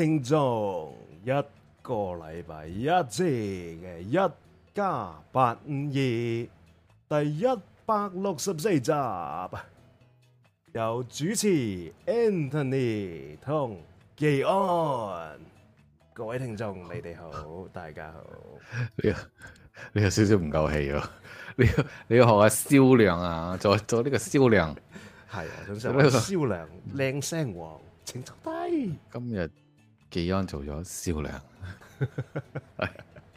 聽眾一個禮拜一集嘅《一家八五二》第一百六十四集，由主持 Anthony 同 Gian，各位聽眾你哋好，大家好。你有你有少少唔夠氣哦，你要你要學下蕭亮啊，做做呢個蕭亮，係啊，做呢個蕭亮，靚聲王，請坐低，今日。紀安做咗銷量，係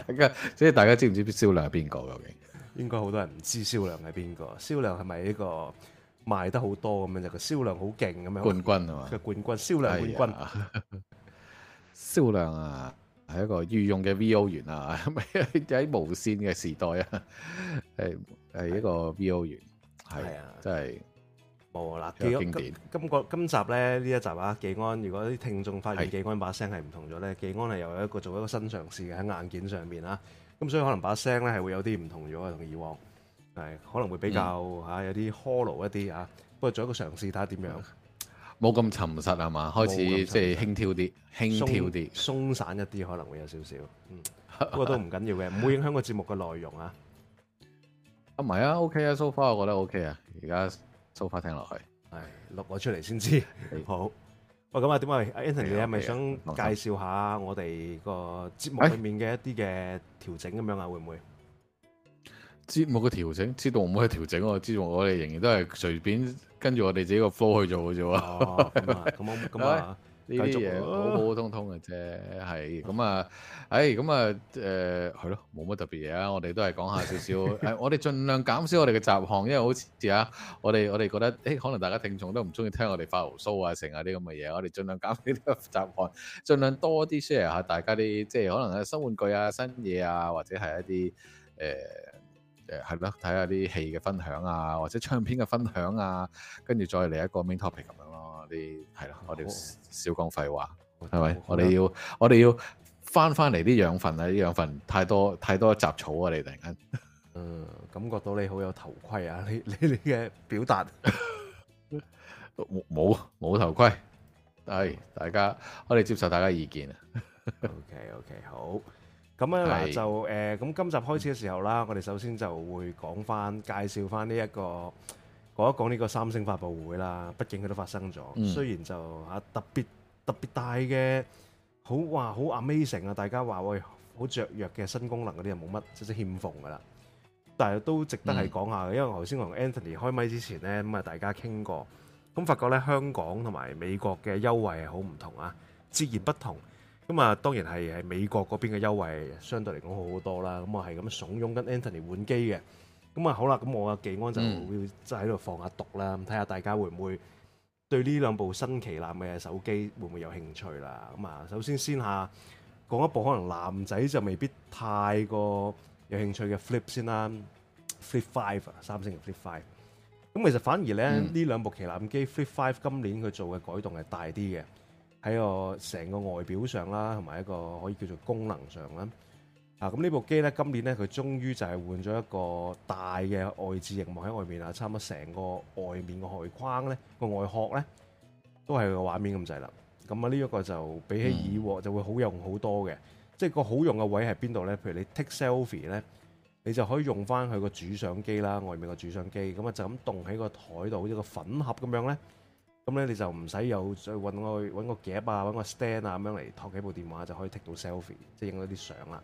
大家即係大家知唔知銷量係邊個？究竟應該好多人唔知銷量係邊個？銷量係咪一個賣得好多咁樣？就個銷量好勁咁樣冠軍啊嘛？冠軍，這個、冠軍銷量冠軍， 銷量啊，係一個御用嘅 VO 員啊，係咪，喺 無線嘅時代啊，係係一個 VO 員，係啊，就係。冇啊！嗱，如果今今個今集咧呢一集啊，紀安，如果啲聽眾發現紀安把聲係唔同咗咧，紀安係又有一個做一個新嘗試嘅喺硬件上邊啊，咁所以可能把聲咧係會有啲唔同咗同以往，係可能會比較嚇有啲 hollow 一啲啊，不過做一個嘗試睇下點樣，冇咁沉實係嘛，開始即係輕佻啲，輕佻啲，鬆散一啲可能會有少少，不過都唔緊要嘅，唔會影響個節目嘅內容啊，唔係啊，OK 啊，so far 我覺得 OK 啊，而家。都快聽落去，錄咗出嚟先知。Hey. 好，喂、哦，咁啊，點、hey. 啊？Anthony，hey. 你係咪想介紹下我哋個節目裏面嘅一啲嘅調整咁樣啊？Hey. 會唔會節目嘅調整？知道好咩調整，我知道我哋仍然都係隨便跟住我哋自己個科去做嘅啫喎。咁、oh, 啊， 咁啊。Hey. 呢啲嘢普普通通嘅啫，係、啊、咁啊，哎，咁啊，誒、呃，係咯，冇乜特別嘢啊。我哋都係講下少少，誒， 我哋盡量減少我哋嘅雜項，因為好似啊，我哋我哋覺得，誒，可能大家聽眾都唔中意聽我哋發胡鬚啊，成啊啲咁嘅嘢，我哋盡量減少呢個雜項，盡量多啲 share 下大家啲，即係可能係新玩具啊、新嘢啊，或者係一啲誒誒，係、呃、咯，睇下啲戲嘅分享啊，或者唱片嘅分享啊，跟住再嚟一個 main topic 咁樣。啲係咯，我哋少講廢話，係咪？我哋要我哋要翻翻嚟啲養分啊！啲養分太多太多雜草啊！你突然間，嗯，感覺到你好有頭盔啊！你你你嘅表達，冇 冇頭盔，但係大家我哋接受大家意見啊！OK OK，好，咁啊就誒，咁、呃、今集開始嘅時候啦，我哋首先就會講翻介紹翻呢一個。講一講呢個三星發布會啦，畢竟佢都發生咗。雖然就嚇特別特別大嘅，好哇，好 amazing 啊，大家話，喂，好雀躍嘅新功能嗰啲又冇乜即係欠奉噶啦。但係都值得係講下嘅，因為頭先我同 Anthony 開麥之前咧，咁啊大家傾過，咁發覺咧香港同埋美國嘅優惠係好唔同啊，截然不同。咁啊當然係係美國嗰邊嘅優惠相對嚟講好好多啦。咁我係咁慫恿緊 Anthony 換機嘅。咁啊好啦，咁我阿技安就會即係喺度放下毒啦，咁睇下大家會唔會對呢兩部新旗艦嘅手機會唔會有興趣啦？咁啊，首先先下講一部可能男仔就未必太過有興趣嘅 Flip 先啦，Flip Five，三星嘅 Flip Five。咁其實反而咧呢兩部旗艦機 Flip Five 今年佢做嘅改動係大啲嘅，喺個成個外表上啦，同埋一個可以叫做功能上啦。啊！咁呢部機咧，今年咧佢終於就係換咗一個大嘅外置螢幕喺外面啊，差唔多成個外面個外框咧個外殼咧都係個畫面咁滯啦。咁啊，呢一個就比起以往就會好用好多嘅。即係個好用嘅位係邊度咧？譬如你 take selfie 咧，你就可以用翻佢個主相機啦，外面個主相機咁啊，就咁棟喺個枱度，好似個粉盒咁樣咧。咁咧你就唔使又再揾個揾個夾啊，揾個 stand 啊咁樣嚟托起部電話就可以 take 到 selfie，即係影到啲相啦。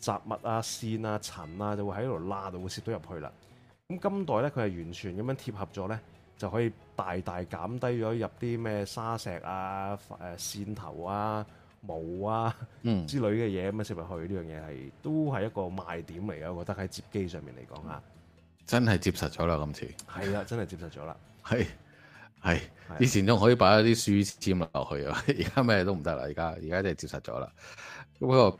雜物啊、線啊、塵啊，就會喺度拉到會攝到入去啦。咁今代咧，佢係完全咁樣貼合咗咧，就可以大大減低咗入啲咩沙石啊、誒線頭啊、毛啊之類嘅嘢咁樣食入去。呢樣嘢係都係一個賣點嚟嘅，我覺得喺接機上面嚟講啊，真係接實咗啦！今次係啊，真係接實咗啦。係 係，以前仲可以擺一啲書簽落去啊，而家咩都唔得啦。而家而家真係接實咗啦。咁個。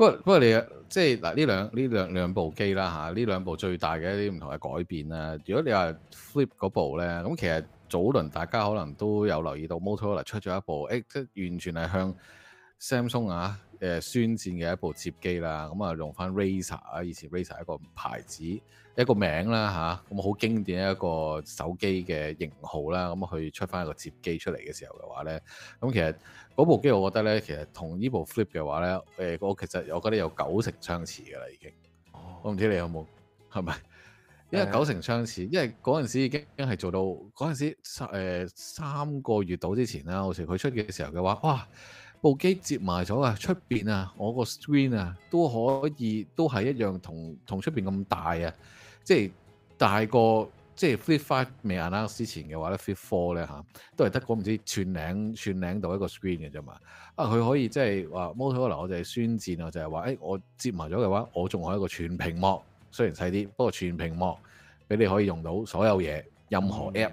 不過不過你啊，即係嗱呢兩呢兩兩部機啦嚇，呢兩部最大嘅一啲唔同嘅改變啦。如果你話 Flip 嗰部咧，咁其實早輪大家可能都有留意到 Motorola 出咗一部，誒即完全係向 Samsung 啊誒宣戰嘅一部摺機啦。咁啊用翻 Razer 啊，以前 Razer 一個牌子。一個名啦嚇，咁、啊、好經典嘅一個手機嘅型號啦，咁去出翻一個摺機出嚟嘅時候嘅話咧，咁其實嗰部機我覺得咧，其實同呢部 Flip 嘅話咧，誒、呃，我其實我覺得有九成相似嘅啦，已、哦、經。我唔知你有冇係咪？因為九成相似，因為嗰陣時已經係做到嗰陣時、呃、三個月度之前啦，好似佢出嘅時候嘅話，哇！部機摺埋咗啊，出邊啊，我個 screen 啊都可以都係一樣同同出邊咁大啊。即係大個，即係 Flip 5未 announce 之前嘅話咧 Flip four 咧嚇，都係得嗰唔知寸零寸零到一個 screen 嘅啫嘛。啊，佢可以即係話，摩托可能我哋宣戰啊，我就係、欸、話，我接埋咗嘅話，我仲係一個全屏幕，雖然細啲，不過全屏幕俾你可以用到所有嘢，任何 app。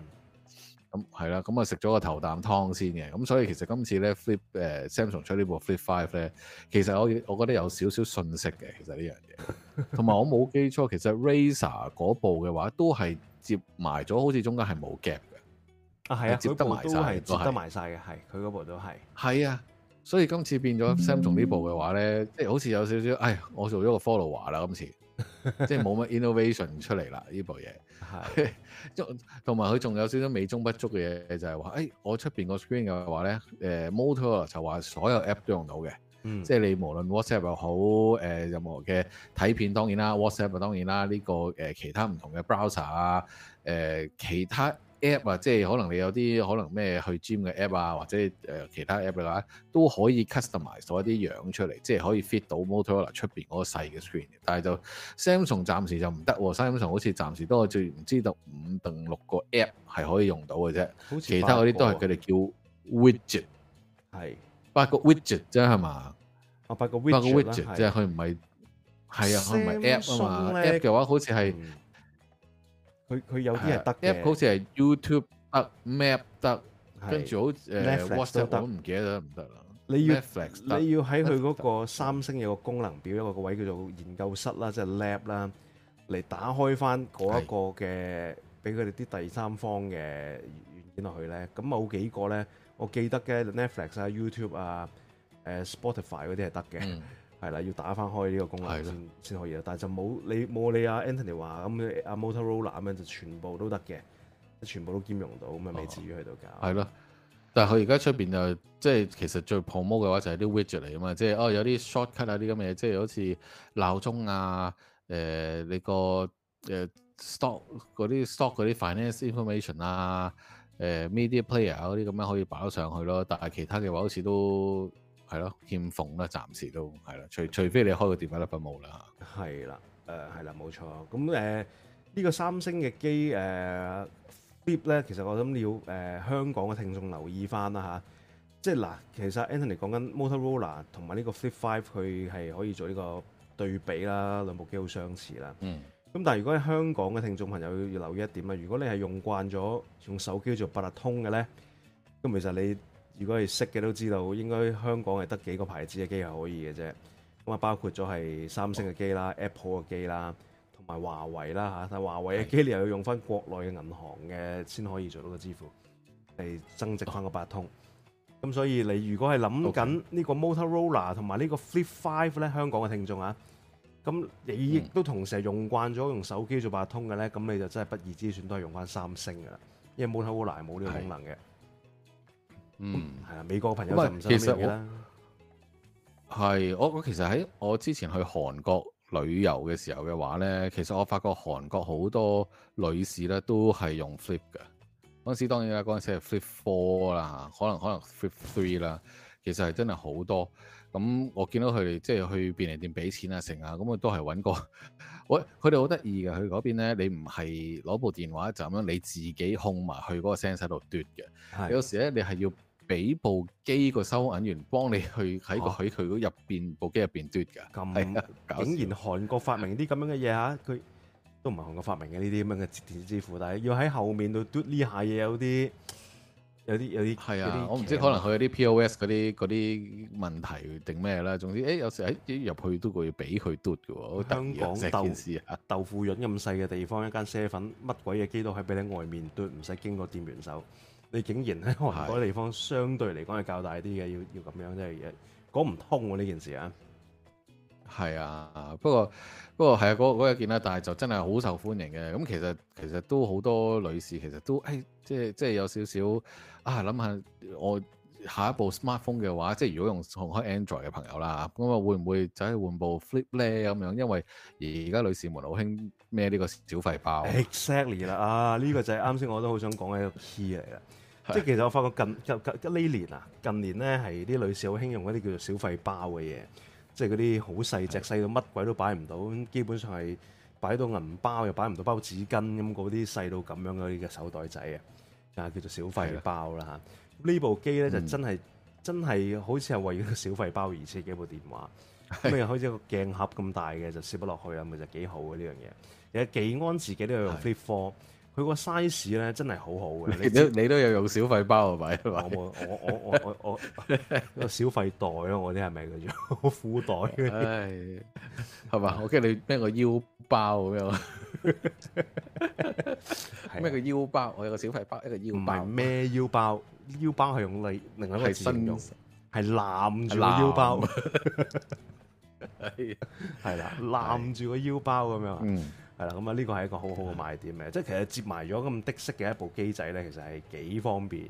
咁係啦，咁啊食咗個頭啖湯先嘅，咁所以其實今次咧 Flip 誒 Samsung 出呢部 Flip Five 咧，其實我我覺得有少少信息嘅，其實呢樣嘢，同埋我冇記錯，其實 Razer 嗰部嘅話都係接埋咗，好似中間係冇 gap 嘅，啊係啊，接得埋曬，都係接得埋曬嘅，係佢嗰部都係，係啊，所以今次變咗 Samsung 呢部嘅話咧，即係好似有少少，哎，我做咗個 follower 啦今次。 即係冇乜 innovation 出嚟啦呢部嘢，係，同埋佢仲有少少美中不足嘅嘢就係、是哎、話，誒、呃，我出面個 screen 嘅話咧，誒，Motor 就話所有 app 都用到嘅、嗯，即係你無論 WhatsApp 又好，誒、呃，任何嘅睇片當然啦，WhatsApp 啊當然啦，呢、這個誒、呃、其他唔同嘅 browser 啊，誒，其他。app 啊，即係可能你有啲可能咩去 gym 嘅 app 啊，或者誒、呃、其他 app 嘅話都可以 customise 咗一啲樣出嚟，即係可以 fit 到 Motorola 出邊嗰個細嘅 screen 但，但係就 Samsung 暫時就唔得，啊，Samsung 好似暫時都係最唔知道五定六個 app 係可以用到嘅啫，其他嗰啲都係佢哋叫 widget，係八個 widget 啫係嘛，啊八個 widget 啦，八個 widget 即係唔係，係啊，佢唔係 app 啊嘛，app 嘅話好似係。嗯佢佢有啲係得嘅，Apps 好似係 YouTube 得、Map 得，跟住好似 WhatsApp 得，唔記得咗唔得啦。你要你要喺佢嗰個三星有個功能表一個個位叫做研究室啦，即係 Lab 啦，嚟打開翻嗰一個嘅，俾佢哋啲第三方嘅軟件落去咧。咁冇幾個咧，我記得嘅 Netflix 啊、YouTube 啊、誒 Spotify 嗰啲係得嘅。係啦，要打翻開呢個功能先先可以啦。但係就冇你冇你阿、啊、Anthony 話咁，阿、啊、Motorola 咁樣就全部都得嘅，全部都兼容到，咁啊未至於去到搞。係咯，但係佢而家出邊就即、是、係其實最 promo 嘅話就係啲 widget 嚟啊嘛，即係哦有啲 shortcut 啊啲咁嘅，嘢，即係好似鬧鐘啊，誒、呃、你個誒 stock 嗰啲 stock 嗰啲 finance information 啊，誒、呃、media player 嗰啲咁樣可以擺得上去咯。但係其他嘅話好似都。係咯，欠奉啦，暫時都係，啦，除除非你開個電話啦服冇啦嚇。係啦，誒係啦，冇錯。咁誒呢個三星嘅機誒、呃、Flip 咧，其實我諗你要誒、呃、香港嘅聽眾留意翻啦吓，即係嗱、啊，其實 Anthony 講緊 Motorola 同埋呢個 Flip Five 佢係可以做呢個對比啦，兩部機好相似啦。嗯。咁但係如果喺香港嘅聽眾朋友要留意一點啊，如果你係用慣咗用手機做八達通嘅咧，咁其實你。如果係識嘅都知道，應該香港係得幾個牌子嘅機係可以嘅啫。咁啊，包括咗係三星嘅機啦、oh. Apple 嘅機啦，同埋華為啦嚇。但係華為嘅機你又要用翻國內嘅銀行嘅先可以做到個支付，係增值翻個八通。咁、okay. 所以你如果係諗緊呢個 Motorola 同埋呢個 Flip Five 咧，香港嘅聽眾啊，咁你亦都同時係用慣咗用手機做八通嘅咧，咁你就真係不二之選都係用翻三星噶啦，因為 Motorola 係冇呢個功能嘅。Okay. 嗯，係啊，美國朋友就唔信你啦。係，我我其實喺我之前去韓國旅遊嘅時候嘅話咧，其實我發覺韓國好多女士咧都係用 Flip 嘅。嗰時當然啦，嗰時係 Flip Four 啦，可能可能 Flip Three 啦。其實係真係好多。咁我見到佢哋即係去便利店俾錢啊，成啊，咁我都係揾個，喂，佢哋好得意嘅。佢嗰邊咧，你唔係攞部電話就咁樣，你自己控埋去嗰個 sense 度嘟嘅。有時咧，你係要。俾部機個收銀員幫你去喺個喺佢嗰入邊部機入邊嘟㗎，係啊！竟然韓國發明啲咁樣嘅嘢嚇，佢都唔係韓國發明嘅呢啲咁嘅電子支付，但係要喺後面度嘟呢下嘢有啲有啲有啲係啊！我唔知可能佢有啲 POS 嗰啲嗰啲問題定咩啦，總之誒有時喺入去都會俾佢嘟嘅喎。香港豆事啊，豆腐潤咁細嘅地方一間西粉乜鬼嘢機都喺俾你外面嘟，唔使經過店員手。你竟然喺嗰啲地方相對嚟講係較大啲嘅，要要咁樣真係講唔通喎，啊，呢件事啊！係啊，不過不過係啊，嗰嗰件啦，但係就真係好受歡迎嘅。咁其實其實都好多女士其實都誒，哎，即係即係有少少啊，諗下我。下一部 smartphone 嘅話，即係如果用開 Android 嘅朋友啦，咁啊會唔會走去換部 Flip 咧咁樣？因為而家女士們好興孭呢個小廢包。Exactly 啦、啊，啊、這、呢個就係啱先我都好想講嘅一個 key 嚟嘅。 即係其實我發覺近近近呢年啊，近年咧係啲女士好興用一啲叫做小廢包嘅嘢，即係嗰啲好細隻，細到乜鬼都擺唔到，基本上係擺到銀包又擺唔到包到紙巾咁嗰啲細到咁樣嗰啲嘅手袋仔啊，就係叫做小廢包啦嚇。呢部機咧就真係、嗯、真係好似係為咗個小費包而設嘅部電話，咁又好似個鏡盒咁大嘅就攝不落去啊！咪就幾好嘅呢樣嘢。有幾安自己都有用 Flip Four，佢個 size 咧真係好好嘅。你都你都有用小費包啊？咪我冇，我我我我，我小費袋啊！我啲係咪嘅啫？叫做褲袋，係嘛？我驚你孭個腰。包咁樣，咩叫腰包？我有個小細包，一個腰包。咩腰包？腰包係用嚟另一個詞用，係攬住個腰包。係啦，攬住個腰包咁樣。嗯，係啦。咁啊，呢個係一個好好嘅賣點嘅，即係其實摺埋咗咁的式嘅一部機仔咧，其實係幾方便嘅。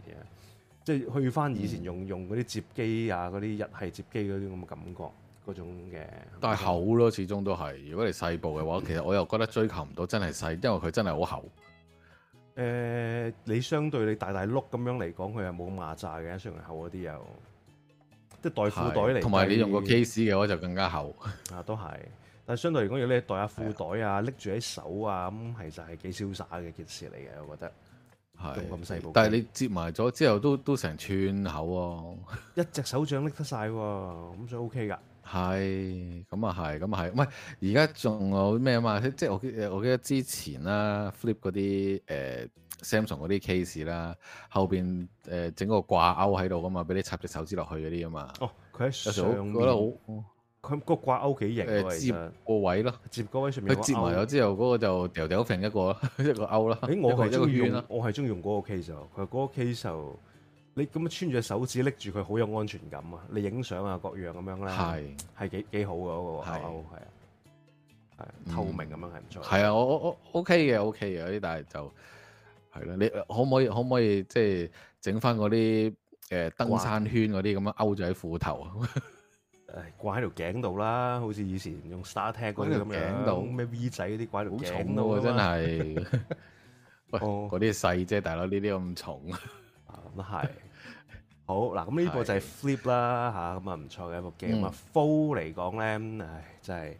即係去翻以前用用嗰啲摺機啊，嗰啲日系摺機嗰啲咁嘅感覺。嗰種嘅，但係厚咯，始終都係。如果你細部嘅話，其實我又覺得追求唔到真係細，因為佢真係好厚。誒、呃，你相對你大大碌咁樣嚟講，佢又冇咁麻煩嘅，雖然厚嗰啲又即係袋褲袋嚟，同埋你用個 case 嘅話就更加厚啊，都係。但係相對嚟講，如果你袋下褲袋啊，拎住喺手啊，咁其實係幾瀟灑嘅一件事嚟嘅，我覺得。係咁細部，但係你摺埋咗之後都都成寸厚喎、啊，一隻手掌拎得晒喎，咁所以 OK 㗎。係，咁啊係，咁啊係，唔係而家仲有咩啊嘛？即係我記，我記得之前啦，Flip 嗰啲誒、欸、Samsung 嗰啲 case 啦，後邊誒整個掛鈎喺度噶嘛，俾你插隻手指落去嗰啲啊嘛。哦，佢喺上面，覺得好，佢、哦、個掛鈎幾型接個位咯，接個位上面。佢接埋咗之後，嗰、那個就掉掉成一個一個鈎啦、欸。我係一個我中意用嗰個 case 佢嗰個 case 就。你咁樣穿住手指拎住佢，好有安全感啊！你影相啊，各樣咁樣咧，係幾幾好嗰個口口，係啊，係透明咁樣係唔錯。係、嗯、啊，我我我 OK 嘅，OK 嘅啲，但係就係啦、啊，你可唔可以可唔可以即係整翻嗰啲誒登山圈嗰啲咁樣勾住喺褲頭啊？誒，掛喺條頸度啦，好似以前用 Star Trek 嗰啲頸度咩 V 仔嗰啲掛喺條頸度，真係、啊啊、 喂嗰啲細啫，大佬呢啲咁重啊？咁 都、啊好嗱，咁呢部就係 Flip 啦嚇，咁啊唔錯嘅一部機。Fold 嚟講咧，唉，真係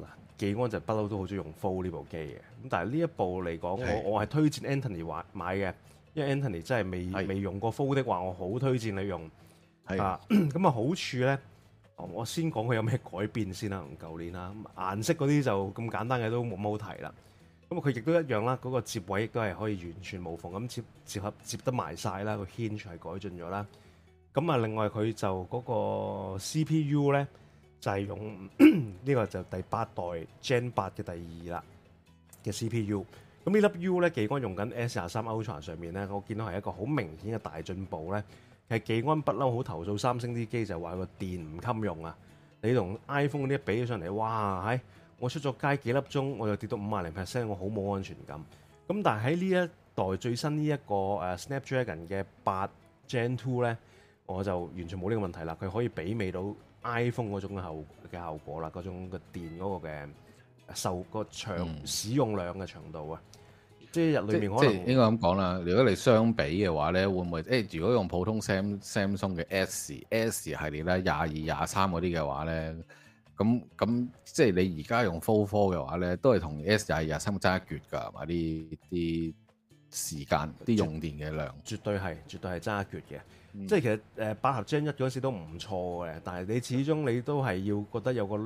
嗱，技、啊、安就不嬲都好中意用 Fold 呢部機嘅。咁但係呢一部嚟講，我我係推薦 Anthony 買買嘅，因為 Anthony 真係未未用過 Fold 的話，我好推薦你用。係啊，咁啊好處咧，我先講佢有咩改變先啦，同舊年啦。咁顏色嗰啲就咁簡單嘅都冇冇提啦。咁佢亦都一樣啦，嗰個接位亦都係可以完全無縫咁接接合接得埋曬啦，個 hinge 係改進咗啦。咁啊，另外佢就嗰個 CPU 咧，就係用呢個就第八代 Gen 八嘅第二啦嘅 CPU。咁呢粒 U 咧，技安用緊 S 廿三 Ultra 上面咧，我見到係一個好明顯嘅大進步咧。係技安不嬲好投訴三星啲機就係話個電唔襟用啊。你同 iPhone 嗰啲一比起上嚟，哇係！我出咗街幾粒鐘，我又跌到五萬零 percent，我好冇安全感。咁但係喺呢一代最新呢一個誒 Snapdragon 嘅八 Gen Two 咧，我就完全冇呢個問題啦。佢可以媲美到 iPhone 嗰種效嘅效果啦，嗰種嘅電嗰個嘅受、嗰個長使用量嘅長度啊、嗯。即係日裏面可能應該咁講啦。如果你相比嘅話咧，會唔會誒？如果用普通 Sam Samsung 嘅 S S 系列咧，廿二廿三嗰啲嘅話咧？咁咁即係你而家用 Fold 4嘅話咧，都係同 S 廿二廿三爭一截㗎，係嘛？啲啲時間、啲用電嘅量，絕對係絕對係爭一截嘅、嗯。即係其實誒八核爭一嗰陣時都唔錯嘅，但係你始終你都係要覺得有個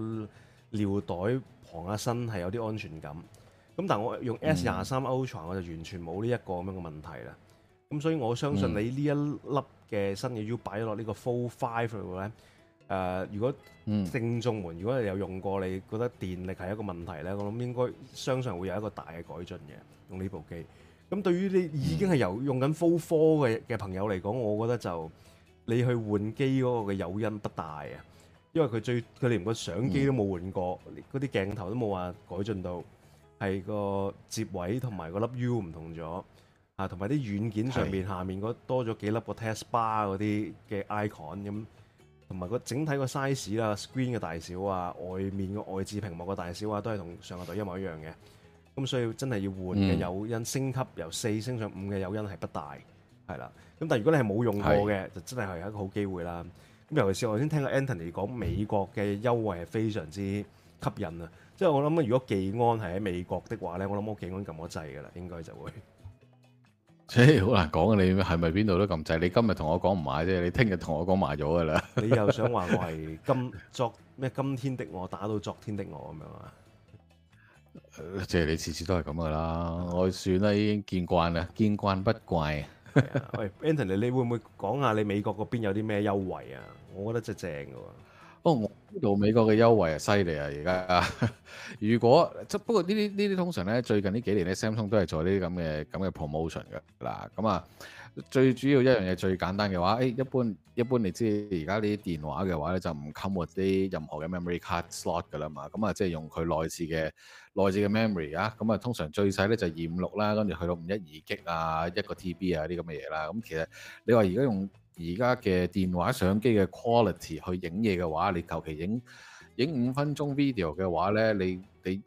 尿袋傍下身係有啲安全感。咁但係我用 S 廿三 Ultra、嗯、我就完全冇呢一個咁樣嘅問題啦。咁所以我相信你一的的呢一粒嘅新嘅 U 擺落呢個 Fold 5度咧。誒、呃，如果正眾們，如果你有用過，你覺得電力係一個問題呢，我諗應該相信會有一個大嘅改進嘅，用呢部機。咁對於啲已經係由用緊 full four 嘅嘅朋友嚟講，我覺得就你去換機嗰個嘅誘因不大啊，因為佢最佢連個相機都冇換過，嗰啲鏡頭都冇話改進到，係個接位和同埋個粒 U 唔同咗啊，同埋啲軟件上面下面多咗幾粒個 test bar 嗰啲嘅 icon 咁、嗯。同埋個整體個 size 啦，screen 嘅大小啊，外面個外置屏幕嘅大小啊，都係同上個代一模一樣嘅。咁所以真係要換嘅誘因、嗯、升級由四升上五嘅誘因係不大係啦。咁但係如果你係冇用過嘅，是的就真係係一個好機會啦。咁尤其是我頭先聽阿 Antony 講，美國嘅優惠係非常之吸引啊。即、就、係、是、我諗如果技安係喺美國的話呢，我諗屋企已經撳咗掣㗎啦，應該就會。真好 難講啊！你係咪邊度都咁滯？你今日同我講唔買啫，你聽日同我講買咗噶啦！ 你又想話我係今昨咩？今天的我打到昨天的我咁樣啊？即 係你次次都係咁噶啦，我算啦，已經見慣啦，見慣不怪。 啊、喂，Anthony，你會唔會講下你美國嗰邊有啲咩優惠啊？我覺得真係正嘅喎。不過，我呢度美國嘅優惠啊，犀利啊！而家如果，即不過呢啲呢啲通常咧，最近呢幾年咧，Samsung 都係做呢啲咁嘅咁嘅 promotion 嘅嗱，咁啊，最主要一樣嘢最簡單嘅話，誒、哎、一般一般你知而家呢啲電話嘅話咧，就唔 come 啲任何嘅 memory card slot 噶啦嘛。咁啊，即係用佢內置嘅內置嘅 memory 啊。咁啊，通常最細咧就二五六啦，跟住去到五一二 G 啊，一個 TB 啊啲咁嘅嘢啦。咁其實你話而家用而家嘅電話相機嘅 quality 去影嘢嘅話，你求其影影五分鐘 video 嘅話咧，你你誒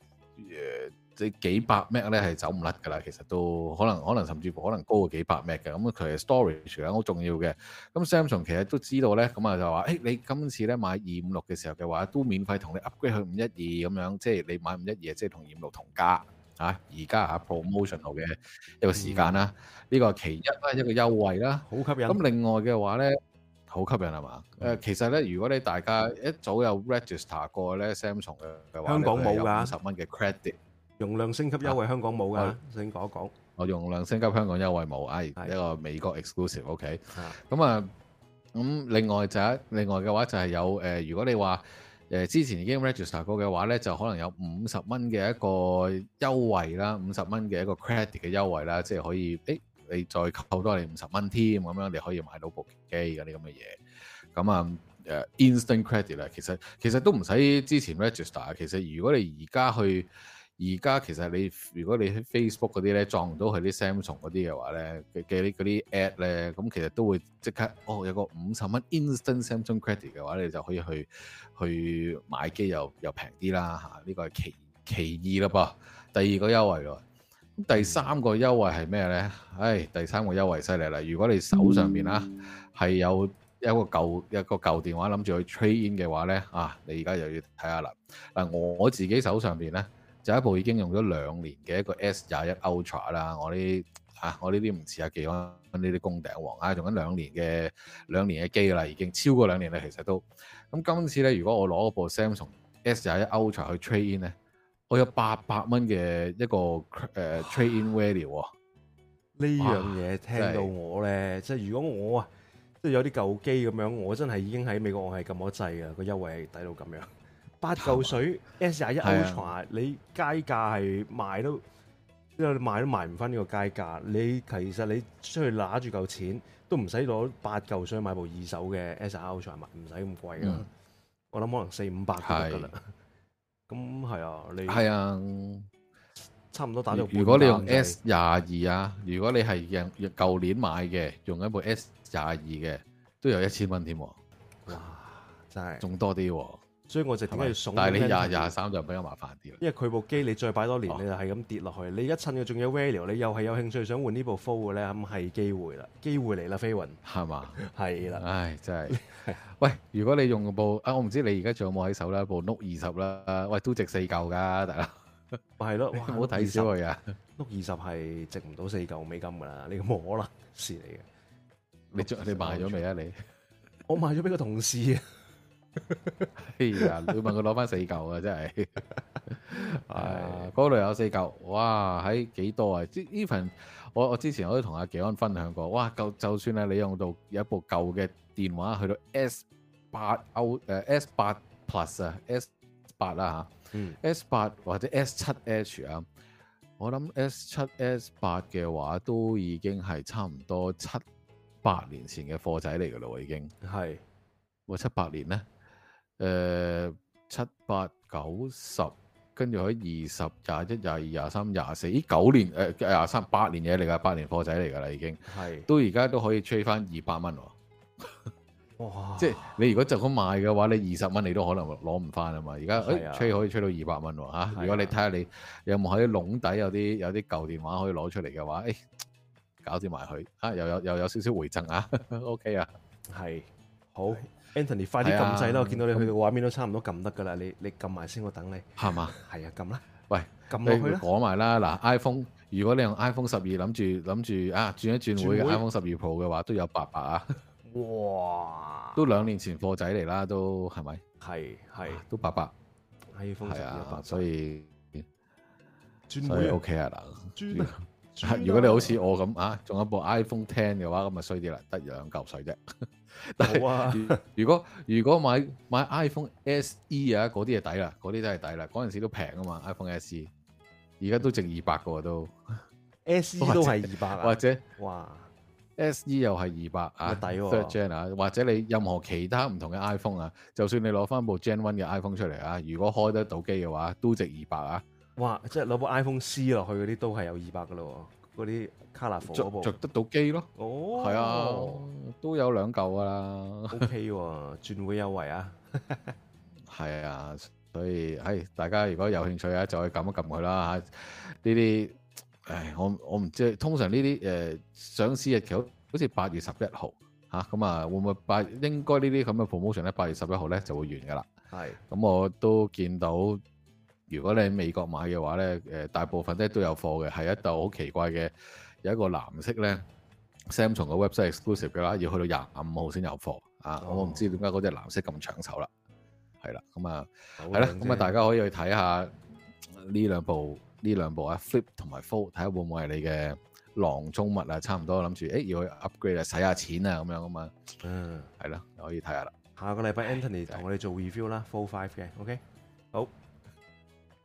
你、呃、幾百 meg 咧係走唔甩㗎啦，其實都可能可能甚至乎可能高過幾百 m 嘅，咁其實 storage 咧好重要嘅。咁 Samsung 其實都知道咧，咁啊就話誒、欸、你今次咧買二五六嘅時候嘅話，都免費同你 upgrade 去五一二咁樣，即係你買五一二即係同二五六同價。啊，而家啊 promotion 號嘅一個時間啦、啊，呢、嗯這個係其一啦，一個優惠啦、啊，好吸引。咁另外嘅話咧，好吸引係嘛？誒、嗯啊，其實咧，如果你大家一早有 register 過咧，Samsung 嘅話香港冇㗎，十蚊嘅 credit 容量升級優惠、啊、香港冇㗎，先講一講。我容量升級香港優惠冇，係、啊、一個美國 exclusive，OK、okay？咁啊，咁、啊嗯、另外就係、是、另外嘅話就係有誒、呃，如果你話。誒、呃、之前已經 register 過嘅話咧，就可能有五十蚊嘅一個優惠啦，五十蚊嘅一個 credit 嘅優惠啦，即係可以，誒，你再扣多你五十蚊添，咁樣你可以買到部機嗰啲咁嘅嘢。咁啊，誒、呃、instant credit 啦，其實其實都唔使之前 register。其實如果你而家去。而家其實你如果你喺 Facebook 嗰啲咧撞唔到佢啲 Samsung 嗰啲嘅話咧嘅嗰啲嗰啲 App 咧，咁其實都會即刻哦，有個五十蚊 Instant Samsung Credit 嘅話，你就可以去去買機又又平啲啦嚇。呢、這個係其二啦噃。第二個優惠咁，第三個優惠係咩咧？唉、哎，第三個優惠犀利啦！如果你手上邊啦，係、嗯、有一個舊一個舊電話諗住去 Trade In 嘅話咧啊，你而家又要睇下啦嗱，我自己手上邊咧。就一部已經用咗兩年嘅一個 S 廿一 Ultra 啦，我呢吓我呢啲唔似阿幾款呢啲工頂王啊，王用緊兩年嘅兩年嘅機啦，已經超過兩年啦，其實都咁今次咧，如果我攞嗰部 Samsung S 廿一 Ultra 去 Trade In 咧，我有八百蚊嘅一個誒 Trade In Value 呢樣嘢聽到我咧、就是，即係如果我啊，即係有啲舊機咁樣，我真係已經喺美國我，我係撳咗掣嘅，個優惠係抵到咁樣。八嚿水 S 廿一 Ultra，啊、你街價係賣都，因即你賣都賣唔翻呢個街價。你其實你出去拿住嚿錢，都唔使攞八嚿水買部二手嘅 S Ultra 唔使咁貴啊。我諗可能四五百都得噶啦。咁係啊，你係啊，差唔多打到如果你用 S 廿二啊，如果你係舊年買嘅，用一部 S 廿二嘅，都有一千蚊添。哇，真係仲多啲、啊。所以我就點解要送是是但係，你廿廿三就比較麻煩啲。因為佢部機，你再擺多年，哦、你就係咁跌落去。你一趁佢仲有 value，你又係有興趣想換部呢部 Fold 嘅咧，咁係機會啦，機會嚟啦，飛雲係嘛？係 啦。唉，真係。 喂，如果你用部啊，我唔知你而家仲有冇喺手啦，部 Note 二十啦。喂，都值四嚿噶，大佬。咪係咯，好睇少啊，Note 二十係值唔到四嚿美金噶啦，你冇可能是嚟嘅。你著你賣咗未啊？你買 我賣咗俾個同事啊。 哎呀，你問佢攞翻四舊啊，真係啊，嗰 度、哎、有四舊，哇，喺、哎、幾多啊？即 Even 我我之前我都同阿紀安分享過，哇，就就算係你用到有一部舊嘅電話去到 S 八歐誒 S 八 Plus 啊 S 八啦吓，S 八或者 S 七 H 啊，我諗 S 七 S 八嘅話都已經係差唔多七八年前嘅貨仔嚟噶啦，已經係七八年咧。誒、呃，七八九十，跟住喺二十廿一廿二廿三廿四，九年、呃、誒廿三八年嘢嚟噶，八年貨仔嚟噶啦已經，係都而家都可以吹翻二百蚊，哇！即係你如果就咁賣嘅話，你二十蚊你都可能攞唔翻啊嘛。而家誒吹可以吹到二百蚊吓，如果你睇下你，你有冇喺籠底有啲有啲舊電話可以攞出嚟嘅話，誒、哎，搞掂埋佢啊，又有又有少少回贈啊 ，OK 啊，係好。Anthony，快啲撳掣啦！我見到你去到畫面都差唔多撳得噶啦，你你撳埋先，我等你，係嘛？係 啊，撳啦，喂，撳落去啦，講埋啦嗱，iPhone，如果你用 iPhone 十二諗住諗住啊轉一轉會 iPhone 十二 Pro 嘅話，都有八百啊， 哇，都兩年前貨仔嚟啦，都係咪？係係、啊，都八百，iPhone 十二 Pro 所以轉會 OK 啊嗱，轉啊！ 如果你好似我咁啊，仲有部 iPhone Ten 嘅話，咁咪衰啲啦，得兩嚿水啫。但係！如果如果買買 SE, iPhone SE 啊，嗰啲就抵啦，嗰啲真係抵啦。嗰陣時都平啊嘛，iPhone SE 而家都值二百個都，SE 都係二百啊，或者，或者哇，SE 又係二百啊，抵啊。或者你任何其他唔同嘅 iPhone 啊，就算你攞翻部 Gen One 嘅 iPhone 出嚟啊，如果開得到機嘅話，都值二百啊。哇！即係攞部 iPhone C 落去嗰啲都係有二百個咯。嗰啲 colourful 嗰部著得到機咯，哦、oh，係啊，都有兩嚿啊，OK 喎、哦，轉 會優惠啊，係 啊，所以係大家如果有興趣啊，就去撳一撳佢啦嚇。呢啲，唉，我我唔知，通常呢啲誒上市日期好似八月十一號嚇，咁啊會唔會八應該呢啲咁嘅 promotion 咧？八月十一號咧就會完㗎啦。係，咁我都見到。如果你喺美國買嘅話咧，誒大部分咧都有貨嘅，係一道好奇怪嘅，有一個藍色咧 Samsung 嘅 website exclusive 嘅啦，要去到廿五號先有貨、哦、啊！我唔知點解嗰隻藍色咁搶手啦，係啦，咁啊，係啦，咁啊大家可以去睇下呢兩部呢兩部啊 Flip 同埋 Fold，睇下會唔會係你嘅囊中物啊？差唔多諗住誒要去 upgrade 啊，使下錢啊咁樣啊嘛，嗯，係啦，可以睇下啦。下個禮拜 Anthony 同我哋做 review 啦 Fold Five 嘅，OK，好。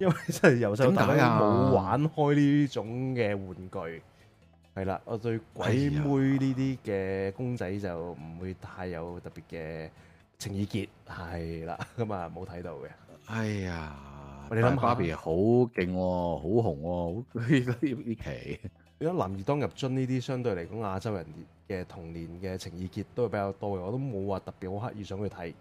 因為真係由細到大冇玩開呢種嘅玩具，啊，係啦，我對鬼妹呢啲嘅公仔就唔會太有特別嘅情意結，係啦，咁啊冇睇到嘅。哎呀，你諗下，Barbie 好勁喎，好、啊、紅喎，啊，好得呢呢期。因為男兒當入樽呢啲，相對嚟講亞洲人嘅童年嘅情意結都比較多嘅，我都冇話特別好刻意想去睇。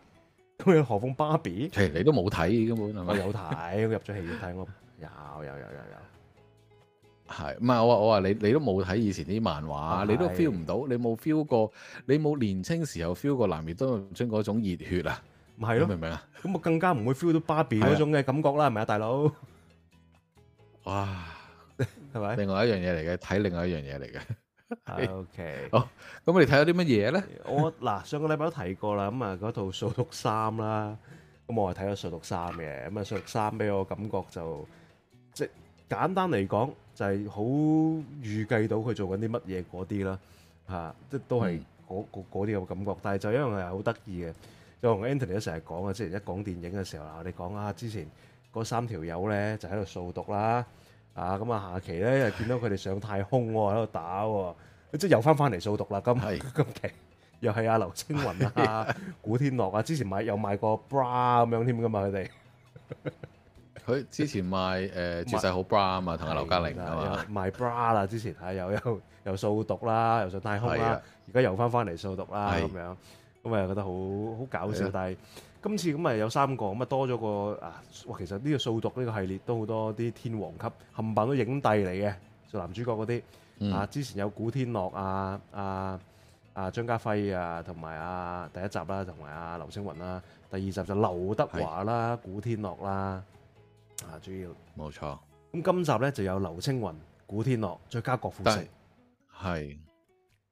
咁樣何況芭比，其實你都冇睇，根本係嘛？有睇，入咗戲院睇囉。有有有有有，係唔係？我話我話你，你都冇睇以前啲漫畫，你都 feel 唔到，你冇 feel 過，你冇年輕時候 feel 過男兒當入樽嗰種熱血啊！係咯，你明唔明啊？咁我更加唔會 feel 到芭比嗰種嘅感覺啦，係咪啊，大佬？哇，係咪？另外一樣嘢嚟嘅，睇另外一樣嘢嚟嘅。 OK，好，咁我哋睇咗啲乜嘢咧？我嗱上個禮拜都提過啦，咁啊嗰套掃毒三啦，咁我係睇咗掃毒三嘅，咁啊掃毒三俾我感覺就即係簡單嚟講就係好預計到佢做緊啲乜嘢嗰啲啦，吓即係都係嗰嗰啲咁嘅感覺，但係就因為我係好得意嘅，就同 Anthony 一成日講啊，即係一講電影嘅時候啦，我哋講啊之前嗰三條友咧就喺度掃毒啦。啊，咁啊，下期咧又見到佢哋上太空喎，喺度打喎，即係又翻翻嚟掃毒啦。今今期又係阿劉青雲啊，古天樂啊，之前買又買過 bra 咁樣添噶嘛，佢哋。佢之前買誒呃、絕世好 bra 啊嘛，同阿劉嘉玲啊嘛，賣 bra 啦，之前係又又又掃毒啦，又上太空啦，而家又翻翻嚟掃毒啦，咁樣，咁啊覺得好好搞笑，但係。今次咁啊有三個，咁啊多咗個啊，其實呢個掃毒呢、呢個系列都好多啲天皇級，冚唪唥都影帝嚟嘅，就男主角嗰啲、嗯、啊。之前有古天樂啊、啊、啊張家輝啊，同埋啊第一集啦、啊，同埋啊劉青雲啦、啊，第二集就劉德華啦、古天樂啦，啊主要。冇錯。咁今集咧就有劉青雲、古天樂，再加郭富城。係。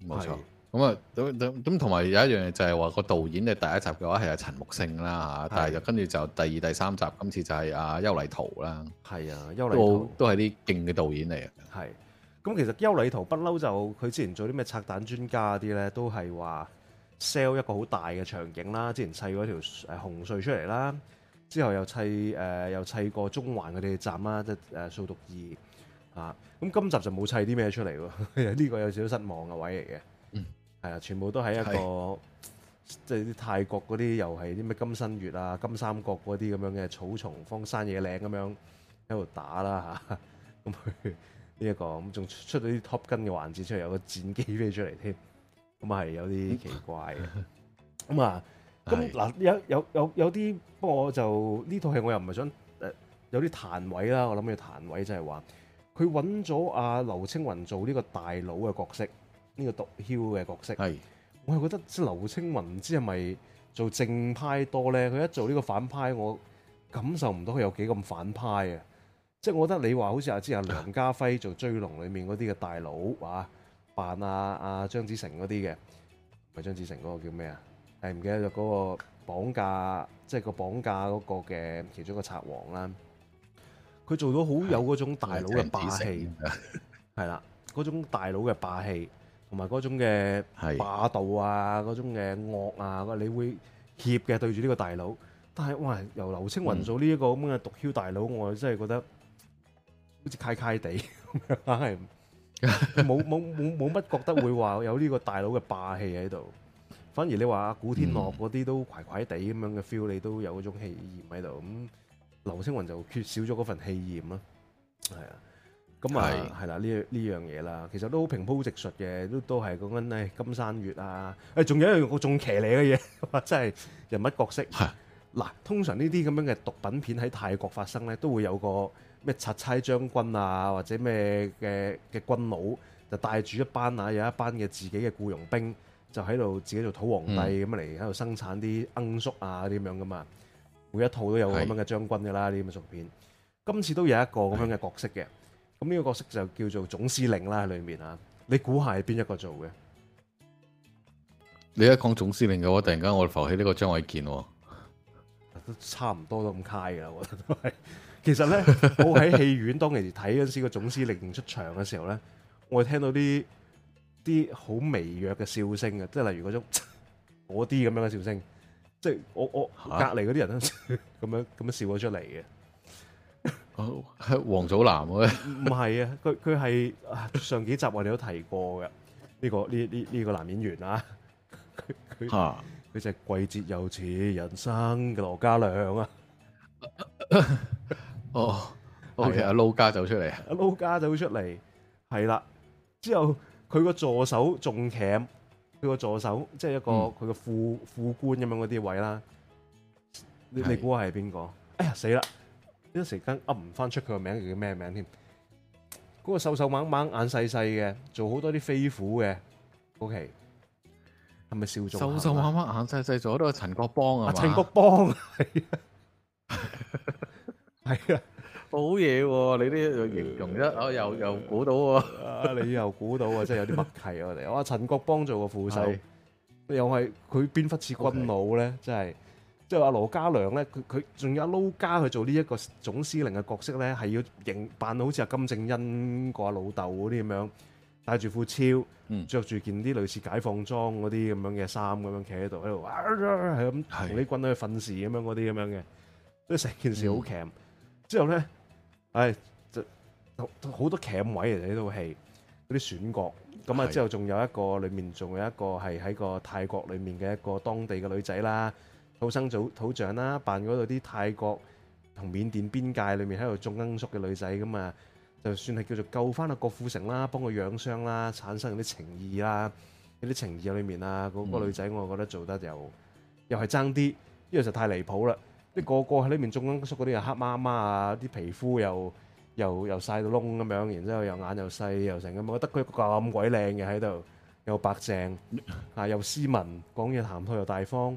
冇錯。咁、嗯、啊，咁同埋有一樣嘢就係話個導演嘅第一集嘅話係阿陳木勝啦、啊、但係就跟住就第二、第三集，今次就係阿邱禮濤啦，係啊，邱禮濤、啊、都係啲勁嘅導演嚟嘅。咁其實邱禮濤不嬲就佢之前做啲咩拆彈專家啲咧，都係話 sell 一個好大嘅場景啦，之前砌嗰條紅隧出嚟啦，之後又砌誒、呃、又砌過中環嗰啲站啦，即係誒掃毒二啊，咁今集就冇砌啲咩出嚟喎，呢 個有少少失望嘅位嚟嘅。誒，全部都喺一個即係啲泰國嗰啲，又係啲咩金新月啊、金三角嗰啲咁樣嘅草叢、荒山野嶺咁樣喺度打啦嚇。咁佢呢一個咁仲出咗啲 Top Gun 嘅環節出嚟，有個戰機飛出嚟添。咁係有啲奇怪咁啊，咁、嗯、嗱，有有有有啲，不過我就呢套戲我又唔係想誒有啲彈位啦。我諗起彈位就係話佢揾咗阿劉青雲做呢個大佬嘅角色。呢、這個毒梟嘅角色，係我又覺得即係劉青雲唔知係咪做正派多咧？佢一做呢個反派，我感受唔到佢有幾咁反派啊！即、就、係、是、我覺得你話好似阿之前梁家輝做《追龍》裏面嗰啲嘅大佬 啊，扮阿阿張子成嗰啲嘅，咪張子成嗰個叫咩啊？誒、欸、唔記得就嗰個綁架，即係個綁架嗰個嘅其中一個賊王啦。佢做到好有嗰種大佬嘅霸氣，係啦，嗰 種大佬嘅霸氣。同埋嗰種嘅霸道啊，嗰種嘅惡啊，你會怯嘅對住呢個大佬。但係哇，由劉青雲做呢一個咁嘅毒梟大佬，我係真係覺得好似啓啓地咁樣，係冇冇冇冇乜覺得會話有呢個大佬嘅霸氣喺度。反而你話阿古天樂嗰啲都怪怪地咁樣嘅 feel，你都有嗰種氣焰喺度。咁劉青雲就缺少咗嗰份氣焰啦。係啊。咁啊，係啦，呢樣呢樣嘢啦，其實都好平鋪直述嘅，都都係講緊誒金山月啊。誒，仲有一樣好仲騎你嘅嘢，話真係人物角色。嗱，通常呢啲咁樣嘅毒品片喺泰國發生呢，都會有個咩拆差將軍啊，或者咩嘅嘅軍佬就帶住一班啊，有一班嘅自己嘅僱傭兵就喺度自己做土皇帝咁嚟喺度生產啲罌粟啊，啲咁樣噶嘛？每一套都有咁樣嘅將軍噶、啊、啦，呢啲咁嘅片。今次都有一個咁樣嘅角色嘅。咁呢個角色就叫做總司令啦喺裏面啊，你估下係邊一個做嘅？你一講總司令嘅話，突然間我浮起呢個張衛健喎，都差唔多都咁開噶，我覺得都係。其實咧，我喺戲院當其時睇嗰陣時個總司令出場嘅時候咧，我聽到啲啲好微弱嘅笑聲啊，即係例如嗰種嗰啲咁樣嘅笑聲，即係我我隔籬嗰啲人咧咁樣咁樣笑咗出嚟嘅。係王祖藍嘅，唔係啊！佢佢係上幾集我哋都提過嘅呢個呢呢呢個男演員啊，佢佢佢就係季節又似人生嘅羅嘉良啊！哦，佢其實撈家走出嚟啊，撈家走出嚟係啦。之後佢個助手仲鉗佢個助手，即係一個佢個副副官咁樣嗰啲位啦。你你估下係邊個？哎呀，死啦！一時間噏唔翻出佢個名，叫咩名添？嗰個瘦瘦蜢蜢、眼細細嘅，做好多啲飛虎嘅。OK，係咪肖作？瘦瘦蜢蜢、眼細細，做嗰個陳國邦啊嘛？陳國邦，係啊，係啊，好嘢喎！你呢樣形容啫，我又又估到喎，你又估到啊！真係有啲默契啊！你，哇，陳國邦做個副手，又係佢邊忽似軍佬咧，真係。即係話羅嘉良咧，佢佢仲有撈家去做呢一個總司令嘅角色咧，係要影扮到好似阿金正恩個阿老豆嗰啲咁樣，戴住副超，穿着住件啲類似解放裝嗰啲咁樣嘅衫咁樣企喺度喺度，係咁同啲軍隊去訓示咁樣嗰啲咁樣嘅，即係成件事好 cam。之後咧，誒、哎、就好多 cam 位嚟呢套戲嗰啲選角，咁啊之後仲有一個裏面仲有一個係喺個泰國裏面嘅一個當地嘅女仔啦。土生土土長啦，扮嗰度啲泰國同緬甸邊界裏面喺度種罌粟嘅女仔咁啊，就算係叫做救翻阿郭富城啦，幫佢養傷啦，產生嗰啲情意啦，嗰啲情意裏面啊，嗰個女仔我覺得做得又又係爭啲，因為就太離譜啦。啲個個喺呢邊種罌粟嗰啲人黑麻麻啊，啲皮膚又又又曬到窿咁樣，然之後又眼又細又成咁，我覺得佢一個咁鬼靚嘅喺度又白淨啊，又斯文，講嘢談吐又大方。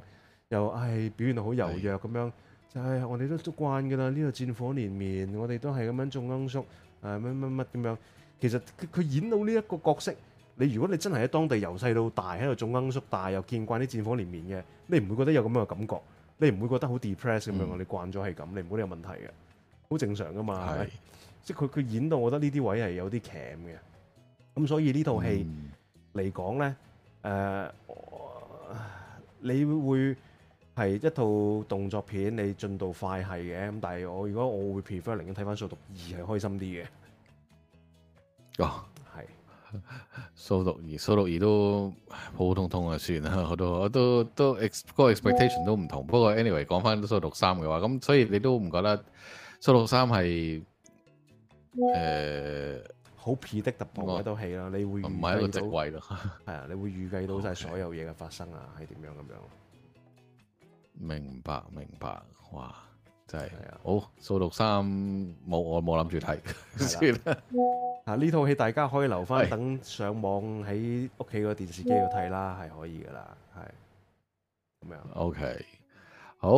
又係表現到好柔弱咁樣，就係我哋都都慣嘅啦。呢個戰火連綿，我哋都係咁樣種罌粟，誒乜乜乜咁樣。其實佢佢演到呢一個角色，你如果你真係喺當地由細到大喺度種罌粟，大又見慣啲戰火連綿嘅，你唔會覺得有咁樣嘅感覺，你唔會覺得好 depress 咁樣。我哋慣咗係咁，你唔會有問題嘅，好正常噶嘛。係，即係佢佢演到，我覺得呢啲位係有啲僢嘅。咁所以呢套戲嚟講咧，誒，你會。係一套動作片，你進度快係嘅，咁但係我如果我會 prefer 寧願睇翻《掃毒二》係開心啲嘅。哦，係《掃毒二》《掃毒二》都普普通通啊，算啦。我都我都都、那個、expectation 都唔同。不過 anyway 講翻《掃毒三》嘅話，咁所以你都唔覺得數《掃毒三》係誒好 predictable 嘅突破嗰套戲咯？你會唔係一個職位咯？係 啊，你會預計到晒所有嘢嘅發生啊，係、okay。點樣咁樣？明白明白，哇，真係好！掃毒三冇我冇諗住睇，算啦、啊。呢套戲大家可以留翻等上網喺屋企個電視機度睇啦，係可以噶啦，係咁、啊、樣。OK，好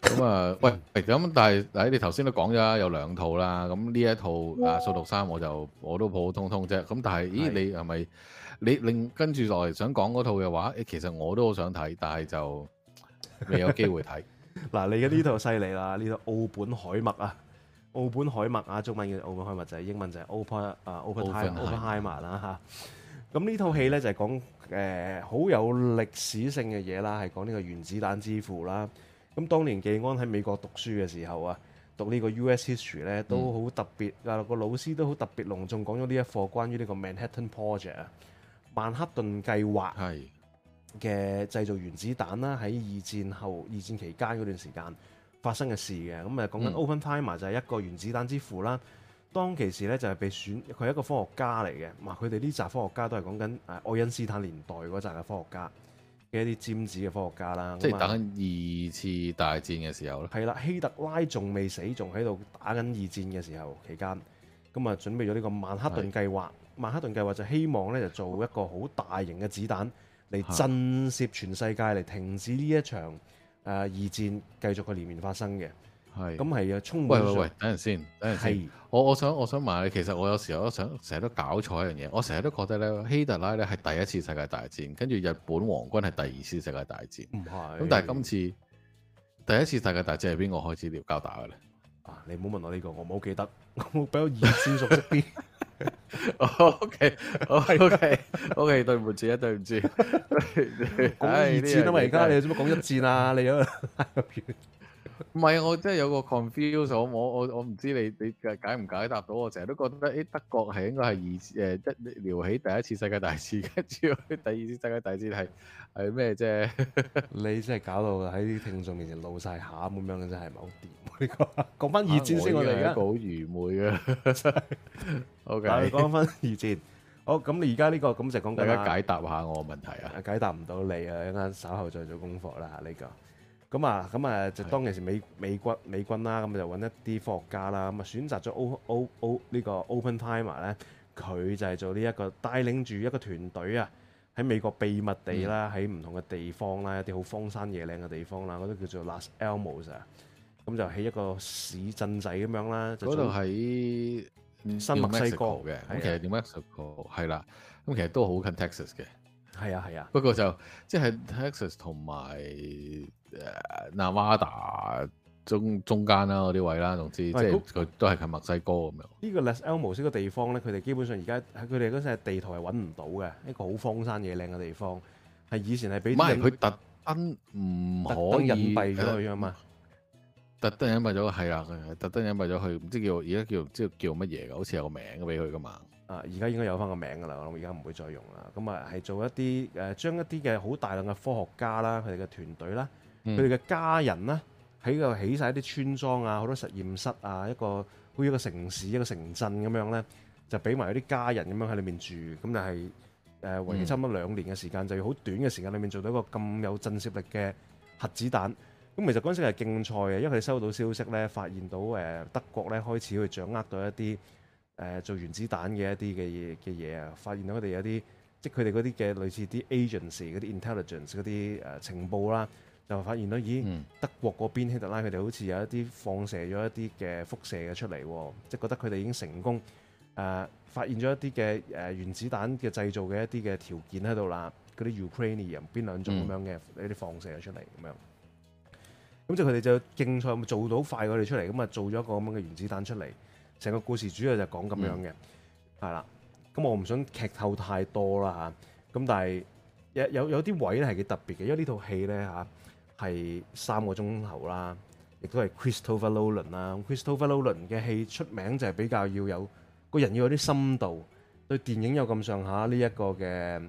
咁啊， 喂，咁但係誒，你頭先都講咗有兩套啦，咁呢一套啊，掃毒三我就我都普普通通啫。咁但係，咦，是你係咪你另跟住落嚟想講嗰套嘅話？誒，其實我都好想睇，但係就。未有機會睇 嗱你嘅呢套犀利啦，呢套《奧本海默》啊，《奧本海默》啊，中文嘅《奧本海默》就係英文就係、uh,《Oppen》啊，《Oppenheimer》啦嚇。咁呢套戲咧就係、是、講誒好、呃、有歷史性嘅嘢啦，係講呢個原子彈之父啦。咁當年紀安喺美國讀書嘅時候啊，讀呢個 U.S. history 咧都好特別、嗯、啊，個老師都好特別隆重講咗呢一課關於呢個 Manhattan Project 啊，曼克頓計劃係。嘅製造原子彈啦，喺二戰後二戰期間嗰段時間發生嘅事嘅咁啊，講緊奧本海默 Timer，就係、嗯就是、一個原子彈之父啦。當其時咧就係被選佢係一個科學家嚟嘅，嘛佢哋呢集科學家都係講緊愛因斯坦年代嗰集嘅科學家嘅一啲尖子嘅科學家啦，即係打緊二次大戰嘅時候啦係啦希特拉仲未死，仲喺度打緊二戰嘅時候期間咁啊，準備咗呢個曼克頓計劃。曼克頓計劃就希望咧就做一個好大型嘅子彈。嚟震懾全世界，嚟停止呢一場誒、呃、二戰繼續嘅連綿發生嘅，係咁係又充滿。喂喂喂，等陣先，等陣先。我我想我想問你，其實我有時候想成日都搞錯一樣嘢，我成日都覺得咧，希特拉咧係第一次世界大戰，跟住日本皇軍係第二次世界大戰。唔係。咁但係今次第一次世界大戰係邊個開始撩交打嘅咧？啊，你唔好問我呢、這個，我唔好記得，我比較二戰熟悉啲。 O K，O K，O K，對唔住啊，對唔住，講二戰啊嘛，而家你做乜講一戰啊？你啊，我唔知。唔係啊，我真係有個 confuse 我我我唔知你你解唔解答到我成日都覺得誒、欸、德國係應該係二誒一、呃、聊起第一次世界大戰，跟 住第二次世界大戰係係咩啫？ 你真係搞到喺啲聽眾面前露晒餡咁樣嘅真係唔好掂呢個講翻二戰先、啊啊，我哋而家好愚昧嘅真係。O K，講翻二戰好，咁你而家呢個咁就講大家解答下我問題啊？解答唔到你啊，一陣間稍後再做功課啦呢個。咁啊，咁啊，就當其時美美國美軍啦，咁就揾一啲科學家啦，咁啊選擇咗 O O O 個 Oppenheimer 呢、這個 Oppenheimer 咧，佢就係做呢一個帶領住一個團隊啊，喺美國秘密地啦，喺唔同嘅地方啦，一啲好荒山野嶺嘅地方啦，嗰啲叫做 Las Almos 啊，咁就喺一個市鎮仔咁樣啦。嗰度喺新墨西哥嘅，咁其實 New Mexico 係啦，咁其實都好近 Texas 嘅。係啊係啊，不過就即係、就是、Texas 同埋誒 Nevada 中中間啦嗰啲位啦，總之即係佢都係近墨西哥咁樣。呢、這個 Los Alamos 呢個地方咧，佢哋基本上而家喺佢哋嗰陣地圖係揾唔到嘅，一個好荒山野嶺嘅地方，係以前係俾唔係佢特登唔可以隱蔽咗佢啊嘛？特登隱蔽咗係啦，特登隱蔽咗佢，唔知叫而家叫即係叫乜嘢㗎？好似有個名俾佢㗎嘛？啊，而家應該有翻個名㗎啦，我諗而家唔會再用啦。咁啊，係做一啲誒，將一啲嘅好大量嘅科學家啦，佢哋嘅團隊啦，佢哋嘅家人啦，喺度起晒一啲村莊啊，好多實驗室啊，一個好似一個城市一個城鎮咁樣咧，就俾埋啲家人咁樣喺裏面住，咁就係誒維持差唔多兩年嘅時間，就要好短嘅時間裏面做到一個咁有震懾力嘅核子彈。咁其實嗰陣時係競賽嘅，因為佢哋收到消息咧，發現到誒、呃、德國咧開始去掌握到一啲。誒做原子彈嘅一啲嘅嘅嘢啊，發現到佢哋有啲，即係佢哋嗰啲嘅類似啲 agents 嗰啲 intelligence 嗰啲誒情報啦，就發現到咦、嗯、德國嗰邊希特拉佢哋好似有一啲放射咗一啲嘅輻射嘅出嚟，即係覺得佢哋已經成功誒、呃、發現咗一啲嘅誒原子彈嘅製造嘅一啲嘅條件喺度啦，嗰啲 Uranium 邊兩種咁樣嘅一啲放射咗出嚟咁、嗯、樣，咁即係佢哋就競賽咪做到快佢哋出嚟，咁啊做咗一個咁樣嘅原子彈出嚟。成個故事主要就係講咁樣嘅，係啦。咁我唔想劇透太多啦嚇。咁但係有有有啲位咧係幾特別嘅，因為呢套戲咧嚇係三個鐘頭啦，亦都係 Christopher Nolan 啦。Christopher Nolan 嘅戲出名就係比較要有個人要有啲深度，對電影有咁上下呢一個嘅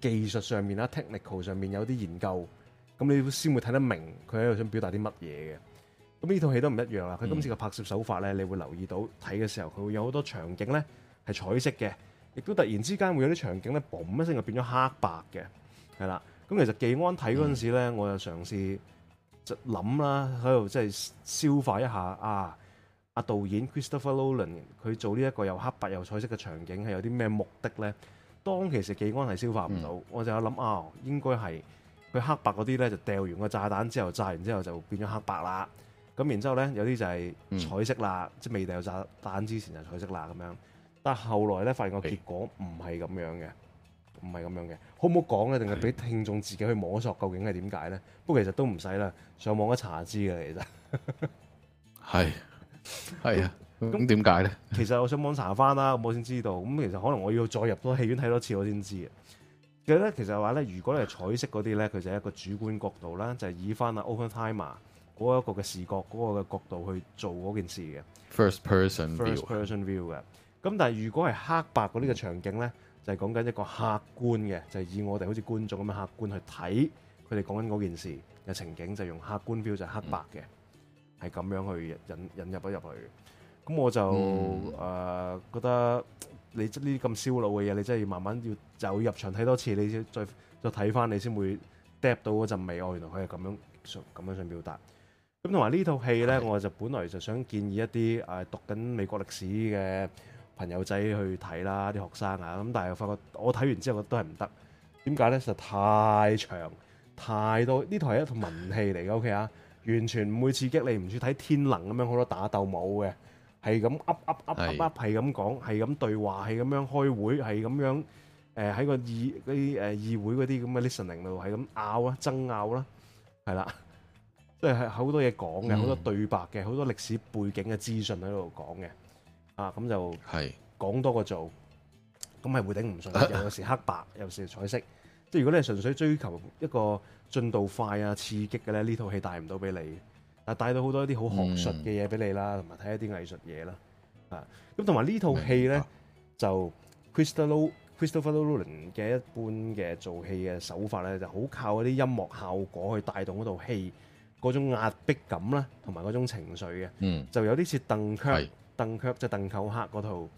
技術上面啦、technical 上面有啲研究，咁你先會睇得明佢喺度想表達啲乜嘢嘅。咁呢套戲都唔一樣啦。佢今次嘅拍攝手法呢，你會留意到睇嘅時候，佢會有好多場景呢係彩色嘅，亦都突然之間會有啲場景呢嘣一聲就變咗黑白嘅，係啦。咁其實技安睇嗰陣時咧，嗯、我就嘗試想就諗啦，喺度即係消化一下啊。阿、啊、導演 Christopher Nolan 佢做呢一個又黑白又彩色嘅場景係有啲咩目的呢？當其實技安係消化唔到，嗯、我就有諗啊，應該係佢黑白嗰啲呢，就掉完個炸彈之後，炸完之後就變咗黑白啦。咁然之後咧，有啲就係彩色啦，嗯，即係未掉炸彈之前就彩色啦咁樣。但係後來咧，發現個結果唔係咁樣嘅，唔係咁樣嘅。好唔好講咧？定係俾聽眾自己去摸索究竟係點解咧？不過其實都唔使啦，上網一查知嘅其實。係， 係啊。咁點解咧？其實我上網查翻啦，我先知道。咁其實可能我要再入多戲院睇多次我先知嘅。其實咧，其實話咧，如果你係彩色嗰啲咧，佢就係一個主觀角度啦，就係、是、以翻啊 Oppenheimer 啊。嗰一個嘅視覺，嗰個嘅角度去做嗰件事嘅。first person first person view 嘅。咁、嗯、但係如果係黑白嗰啲嘅場景呢，就係、是、講緊一個客觀嘅，就係、是、以我哋好似觀眾咁樣客觀去睇佢哋講緊嗰件事嘅情景，就是、用客觀 view 就係黑白嘅，係、嗯、咁樣去引引入咗入去。咁我就誒、嗯呃、覺得你呢啲咁燒腦嘅嘢，你真係要慢慢要就入場睇多次，你先再再睇翻你先會 get 到嗰陣味哦。原來佢係咁樣想咁樣想表達。咁同埋呢套戲呢，我就本來就想建議一啲誒讀緊美國歷史嘅朋友仔去睇啦，啲學生啊，咁但係發覺我睇完之後覺得，我都係唔得。點解呢？實在太長太多。呢套係一套文戲嚟嘅，O K 啊，OK? 完全唔會刺激你，唔似睇天能咁樣好多打鬥舞嘅，係咁噏噏噏噏噏係咁講，係咁對話，係咁樣開會，係咁樣誒喺個議啲誒議會嗰啲咁嘅 listening 度係咁拗啊，爭拗啦，係啦。即係好多嘢講嘅，好、嗯、多對白嘅，好多歷史背景嘅資訊喺度講嘅啊。咁就講多過做咁，係會頂唔順。有時黑白， 有時彩色。即係如果你係純粹追求一個進度快啊，刺激嘅咧，呢套戲帶唔到俾你。但係帶到好多一啲好學術嘅嘢俾你啦，同埋睇一啲藝術嘢啦啊。咁同埋呢套戲咧，就 Christopher Christopher Nolan 嘅一般嘅做戲嘅手法咧，就好靠嗰啲音樂效果去帶動嗰套戲。嗰種壓迫感啦，同埋嗰種情緒嘅、嗯，就有啲似鄧寇，鄧寇就鄧寇克嗰套，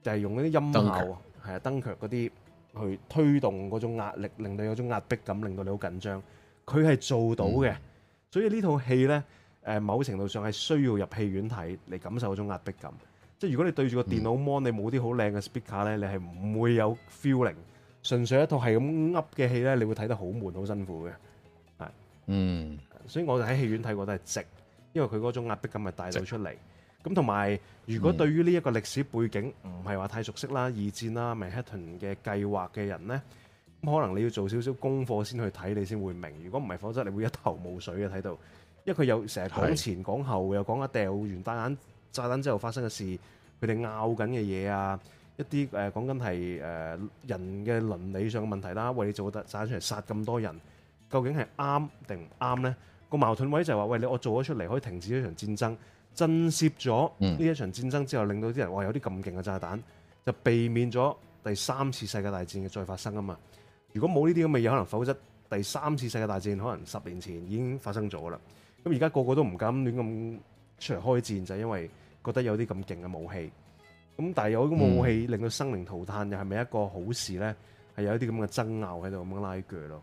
就係、是、用嗰啲音效，係啊，鄧寇嗰啲去推動嗰種壓力，令到有種壓迫感，令到你好緊張。佢係做到嘅、嗯，所以呢套戲呢，誒某程度上係需要入戲院睇嚟感受嗰種壓迫感。即係如果你對住個電腦 mon，你冇啲好靚嘅 speaker 咧，你係唔會有 feeling。純粹一套係咁噏嘅戲呢，你會睇得好悶，好辛苦嘅。嗯，所以我就喺戲院睇過都係值，因為佢嗰種壓迫感係帶到出嚟。咁同埋，如果對於呢一個歷史背景唔係話太熟悉啦、二戰啦、Manhattan 嘅計劃嘅人呢，可能你要做少少功課先去睇，你先會明。如果唔係，否則你會一頭霧水嘅睇到，因為佢有成日講前講後，又講下掉完彈眼炸彈之後發生嘅事，佢哋拗緊嘅嘢啊，一啲誒講緊係誒人嘅倫理上嘅問題啦，為你做得炸出嚟殺咁多人。究竟係啱定唔啱呢？個矛盾位就係話：喂，你，我做咗出嚟可以停止呢場戰爭，震懾咗呢一場戰爭之後，令到啲人話有啲咁勁嘅炸彈，就避免咗第三次世界大戰嘅再發生啊嘛。如果冇呢啲咁嘅嘢，可能否則第三次世界大戰可能十年前已經發生咗啦。咁而家個個都唔敢亂咁出嚟開戰，就係因為覺得有啲咁勁嘅武器。咁但係有個武器令到生靈塗炭，又係咪一個好事呢？係有一啲咁嘅爭拗喺度咁樣拉鋸咯。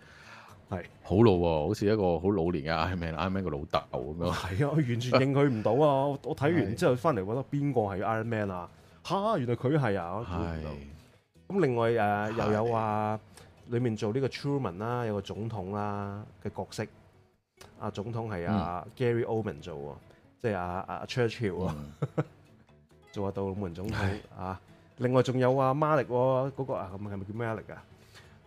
好老喎，好似一個好老年嘅 Iron Man，Iron Man 個老豆咁樣。係啊，我完全認佢唔到啊！ 我睇完之後翻嚟覺得邊個係 Iron Man 啊？哈！原來佢係啊，我認唔到。咁另外誒、啊、又有啊，裡面做呢個 Truman 啦，有個總統啦嘅角色。啊，總統係啊、嗯、Gary Oldman 做喎，即係啊啊 Churchill 啊，啊 Churchill，嗯、做啊道門總統啊。另外仲有啊 Marley 嗰、那個啊，咁係咪叫咩力啊？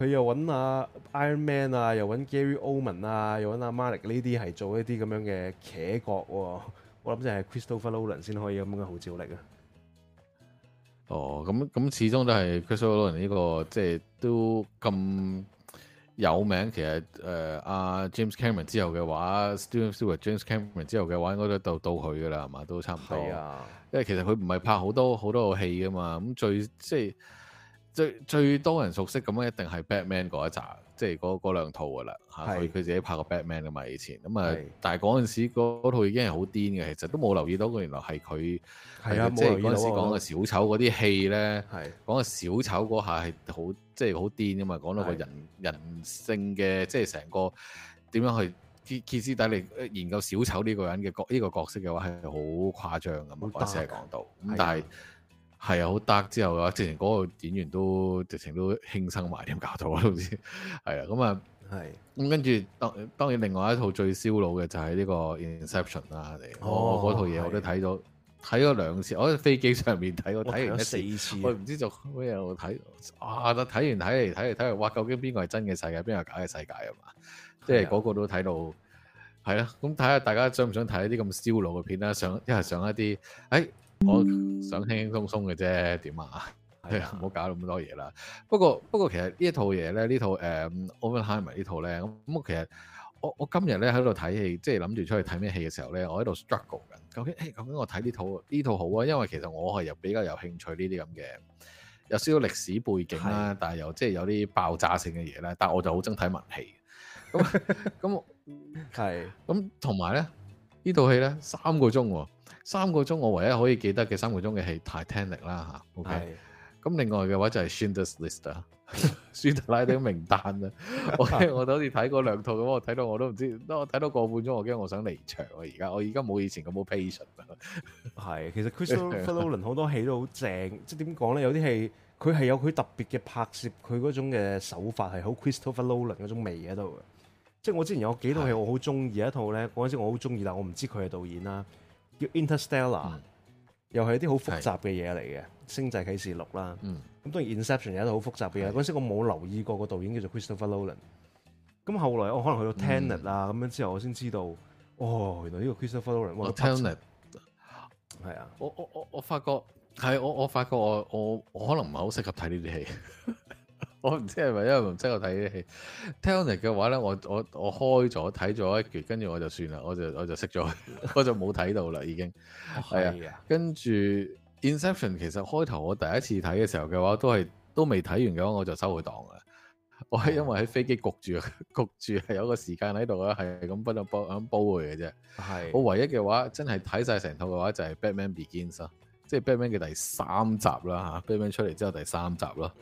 佢又揾阿 Iron Man 啊，又揾 Gary Oman 啊，又揾阿 Malik 呢啲係做一啲咁樣嘅劇角喎。我諗真係 Christopher Nolan 先可以咁嘅號召力啊。哦，咁咁始終都係 Christopher Nolan 呢個即係、就是、都咁有名。其實誒阿、呃、James Cameron 之後嘅話，Steven Spielberg James Cameron 之後嘅話，應該都到到佢噶啦，係嘛？都差唔多。係啊，即係其實佢唔係拍好多好多個戲噶嘛。咁最即係。最最多人熟悉咁樣一定係 Batman 嗰一集，即係嗰嗰兩套噶啦嚇。佢佢是自己拍過 Batman 噶嘛以前，咁啊是，但係嗰陣時嗰套已經係好癲嘅，其實都冇留意到佢原來係佢，係啊，即係嗰陣時講嘅小丑嗰啲戲咧，係講嘅小丑嗰下係好即係好癲啊嘛，講到個人是人性嘅即係成個點樣去揭揭絲底嚟研究小丑呢個人嘅角呢個角色嘅話係好誇張噶嘛嗰時係講到咁，啊、但係。係啊，好得之後啊，之前嗰個演員都直情都輕生埋點搞到 啊！都知係啊，咁啊，係咁跟住，當當然另外一套最燒腦嘅就係呢、這個《Inception》啦、啊，嚟、哦哦，我嗰套嘢我都睇咗，睇咗兩次，我喺飛機上面睇過，我睇完一四次，我唔知做咩我睇，哇、啊！睇完睇嚟睇嚟睇嚟，哇！究竟邊個係真嘅世界，邊個係假嘅世界啊嘛？即係嗰個都睇到係啦。咁睇下大家想唔想睇一啲咁燒腦嘅片啦？想上一係上一啲誒。哎我想輕輕鬆鬆嘅啫，點啊？係啊，唔好搞咁多嘢啦。不過不過，其實呢一套嘢咧，套 um, 套呢套誒《奧本海默》呢套咧，咁咁其實我我今日咧喺度睇戲，即係諗住出去睇咩戲嘅時候咧，我喺度 struggle 緊。究竟誒、欸，究竟我睇呢套呢套好啊？因為其實我係又比較有興趣呢啲咁嘅，有少少歷史背景啦、啊，但係又即係有啲爆炸性嘅嘢咧。但我就好憎睇文戲。咁 咁，係咁同埋咧呢套戲咧三個鐘、啊。三個鐘，我唯一可以記得嘅三個鐘嘅係 Titanic 啦嚇。O K，咁另外嘅話就係 Schindler's List 啦，舒特 拉的名單啦。O、okay? K， 我好似睇過兩套咁，我睇到我都唔知我看到，我睇到個半鐘，我驚我想離場喎。而家我而家冇以前咁好 patience 啦。係，其實 Christopher Nolan 好多戲都好正，即係點講咧？有啲戲佢係有佢特別嘅拍攝，佢嗰種嘅手法係好 Christopher Nolan 嗰種味喺度嘅。即係我之前有幾套戲我好中意，一套咧嗰陣時我好中意，但我唔知佢係導演啦。叫 Interstellar、嗯、又係一啲好複雜嘅嘢嚟嘅，《星際啟示錄》啦、嗯。咁當然《Inception》有一套好複雜嘅嘢，嗰陣時我冇留意過個導演叫做 Christopher Nolan。咁後來我可能去到 Tenet、嗯《Tenet》啦。咁樣之後我先知道，哦，原來呢個 Christopher Nolan，《Tenet、啊》係啊，啊。我我我我發覺係，我我發覺我我我可能唔係好適合睇呢啲戲。 我唔知係咪，因為唔識我睇嘅戲。Tenet 嘅話咧，我我我開咗睇咗一橛，跟住我就算啦，我就我就熄咗，我就冇睇到啦，已經係、哦、啊。跟住 Inception 其實開頭我第一次睇嘅時候嘅話，都係都未睇完嘅話，我就收佢檔啦、嗯。我係因為喺飛機焗住，焗住係有個時間喺度啦，係咁不,不斷煲咁煲佢嘅啫。係、啊、我唯一嘅話，真係睇晒成套嘅話，就係、是、Batman Begins 啊，即係 Batman 嘅第三集啦，吓、啊、Batman 出嚟之後第三集咯。啊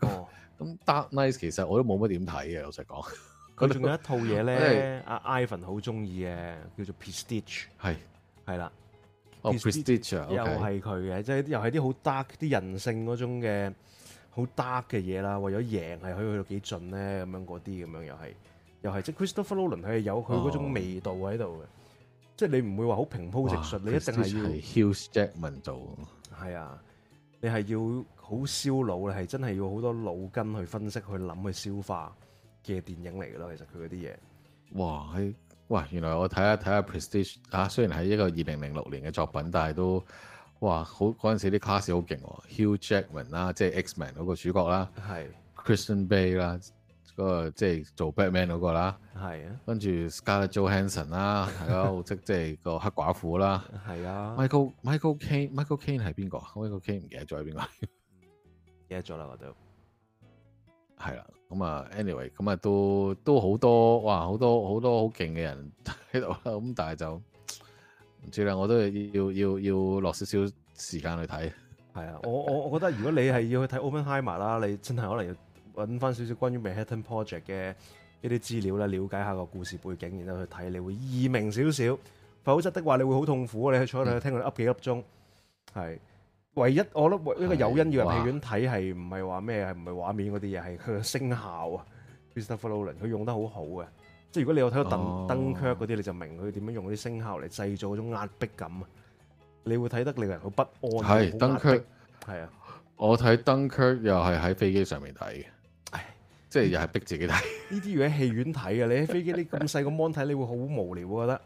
哦，咁 Dark Knight 其實我都冇乜點睇嘅，老實講。佢仲有一套嘢咧，阿 Ivan 好中意嘅，叫做 Prestige，係係啦，Prestige 又係佢嘅，即係又係啲好 dark 啲人性嗰種嘅好 dark 嘅嘢啦。為咗贏係可以去到幾盡咧，咁樣嗰啲咁樣又係又係即 Christopher Nolan 佢係有佢嗰種味道喺度嘅，即係你唔會話好平鋪直述，你一定係要 Hugh Jackman 做，係啊，你係要。好燒腦咧，係真係要好多腦筋去分析、去諗、去消化嘅電影嚟㗎咯。其實佢嗰啲嘢哇係哇，原來我睇下睇下《Prestige》啊。雖然係一個二零零六年嘅作品，但係都哇好嗰陣時啲卡士好勁，Hugh Jackman 啦、啊，即係 Xman 嗰個主角啦，係 Christian Bale 啦，嗰、啊嗰個即係做 Batman 嗰、嗰個啦，係啊，跟住 Scarlett Johansson 啦、啊，係 即係個黑寡婦啦，係啊，Michael Michael Kane Michael Kane 係邊個？Michael Kane 唔記得咗係邊個？ 記咗啦，我都係啦。咁啊，anyway，咁啊，都都好多哇，好多好多好勁嘅人喺度啦。咁但係就唔知啦。我都係要要要落少少時間去睇。係啊，我我我覺得如果你係要去睇 Oppenheimer 啦， 你真係可能要揾翻少少關於 Manhattan Project 嘅一啲資料啦，了解下個故事背景，然之後去睇，你會易明少少。否則的話，你會好痛苦。你去坐喺度聽佢噏幾粒鐘，係、嗯。唯一我覺得一個有因要入戲院睇，係唔係話咩啊？係唔係畫面嗰啲嘢，係佢嘅聲效啊，Mr. Nolan 佢用得好好啊！即係如果你有睇到 Dunkirk 嗰啲，哦、你就明佢點樣用嗰啲聲效嚟製造嗰種壓迫感啊！你會睇得令人好不安。係 Dunkirk，係啊！我睇 Dunkirk 又係喺飛機上面睇嘅，即係又係逼自己睇。呢啲要喺戲院睇啊。你喺飛機啲咁細個 mon 睇， 你會好無聊我覺得。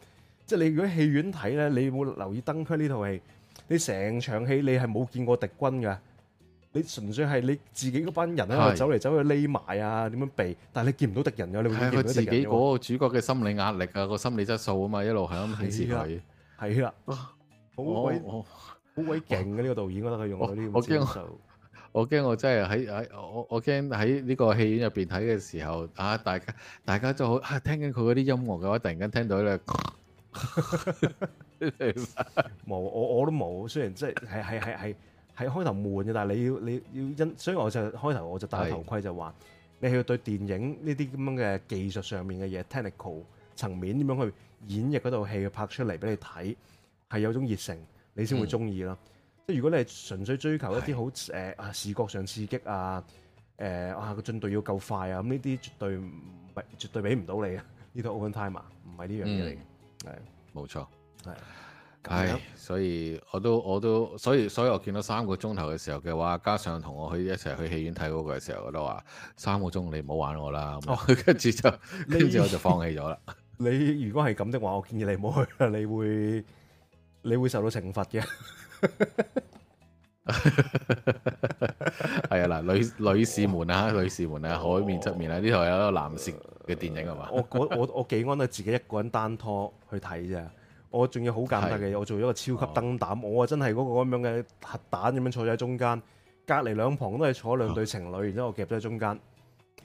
即係你如果喺戲院睇咧，你會留意 Dunkirk 呢套戲。你成場戲你係冇見過敵軍嘅，你純粹係你自己嗰班人喺度走嚟走去匿埋啊，點樣避？但係你見唔到敵人嘅，你會見到敵人。係佢自己嗰個主角嘅心理壓力啊，個心理質素啊嘛，一路係咁提示佢。係啦，好鬼好鬼勁啊！呢個導演我覺得佢用到呢啲。我驚我驚我真係喺喺我我驚喺呢個戲院入邊睇嘅時候啊，大家大家都好聽緊佢嗰啲音樂嘅話，突然間聽到咧。冇， 我我都冇。雖然即係係係係喺開頭悶嘅，但係你要你要因，所以我就開頭我就戴頭盔就話，你要對電影呢啲咁樣嘅技術上面嘅嘢 technical 層面點樣去演繹嗰套戲去拍出嚟俾你睇，係有種熱誠，你先會中意咯。即、嗯、係如果你係純粹追求一啲好誒啊視覺上刺激啊誒啊個進度要夠快啊咁，呢啲絕對唔係，絕對俾唔到你啊，呢套 Oppenheimer 啊唔係呢樣嘢嚟嘅，係冇錯。嗯係，係，所以我都，我都，所以，所以我見到三個鐘頭嘅時候嘅話，加上同我去一齊去戲院睇嗰個嘅時候，我都話三個鐘你唔好玩我啦，跟、哦、住就，跟住我就放棄咗啦。你如果係咁的話，我建議你唔好去啦，你會你會受到懲罰嘅。係啊，嗱，女女士們啊、哦，女士們啊，海面側面、哦、啊，呢、哦、度有一個男色嘅電影係嘛、呃？我我我幾安得自己一個人單拖去睇啫。我仲要好簡單嘅嘢，我做咗個超級燈膽，哦、我啊真係嗰個咁樣嘅核彈咁樣坐喺中間，隔離兩旁都係坐兩對情侶，哦、然之後我夾咗喺中間，哦、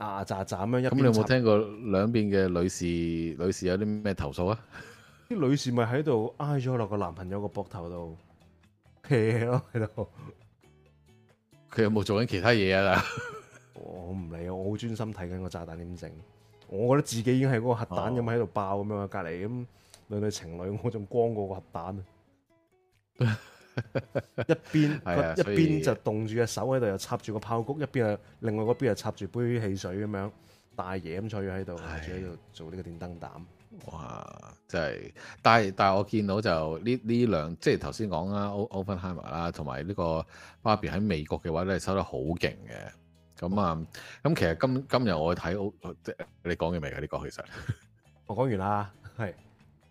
啊，渣渣咁樣一邊。咁你有冇聽過兩邊嘅女士女士有啲咩投訴啊？啲女士咪喺度挨咗落個男朋友個膊頭度 hea 咯喺度。佢有冇做緊其他嘢啊？我唔理，我好專心睇緊個炸彈點整。我覺得自己已經係嗰個核彈咁喺度爆咁樣，隔離咁。兩對情侶，我仲光過個核彈啊！ 一邊 一邊就凍住隻手喺度，又插住個炮谷；一邊又另外嗰邊又插住杯汽水咁樣大嘢咁坐住喺度，喺度做呢個電燈膽。哇！真係，但係但係我見到就呢呢兩，即係頭先講啦，Oppenheimer 啦，同埋呢個 Barbie 喺美國嘅話咧，都係收得好勁嘅。咁啊，咁其實今今日我睇即係你講嘅未㗎？呢個其實我講完啦，係。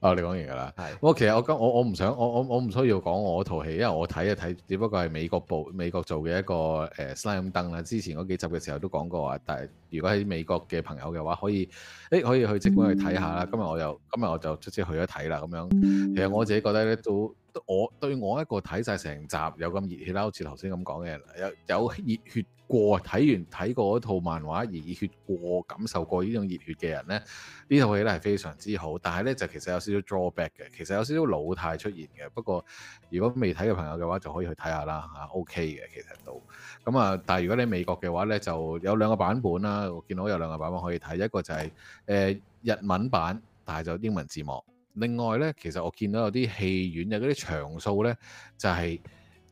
哦、你講完㗎啦，係，我其實我今我我唔想我我我唔需要講我套戲，因為我睇一睇，只不過係美國部美國做嘅一個誒 slime、欸、燈啦。之前嗰幾集嘅時候都講過話，但係如果喺美國嘅朋友嘅話，可以誒、欸、可以去即管去睇下啦、嗯。今日我又今日我就出接去一睇啦，咁樣。其實我自己覺得咧，都我對我一個睇晒成集有咁熱血啦，好似頭先咁講嘅，有有熱血。過睇完睇過嗰套漫畫而熱血過感受過呢種熱血嘅人呢，呢套戲呢係非常之好。但係呢，就其實有少少 drawback 嘅，其實有少少老態出現嘅。不過如果未睇嘅朋友嘅話，就可以去睇下啦嚇、啊，OK 嘅其實都咁啊。但係如果你美國嘅話呢，就有兩個版本啦。我見到有兩個版本可以睇，一個就係、是、誒、呃、日文版，但係就英文字幕。另外呢，其實我見到有啲戲院嘅嗰啲場數呢，就係、是、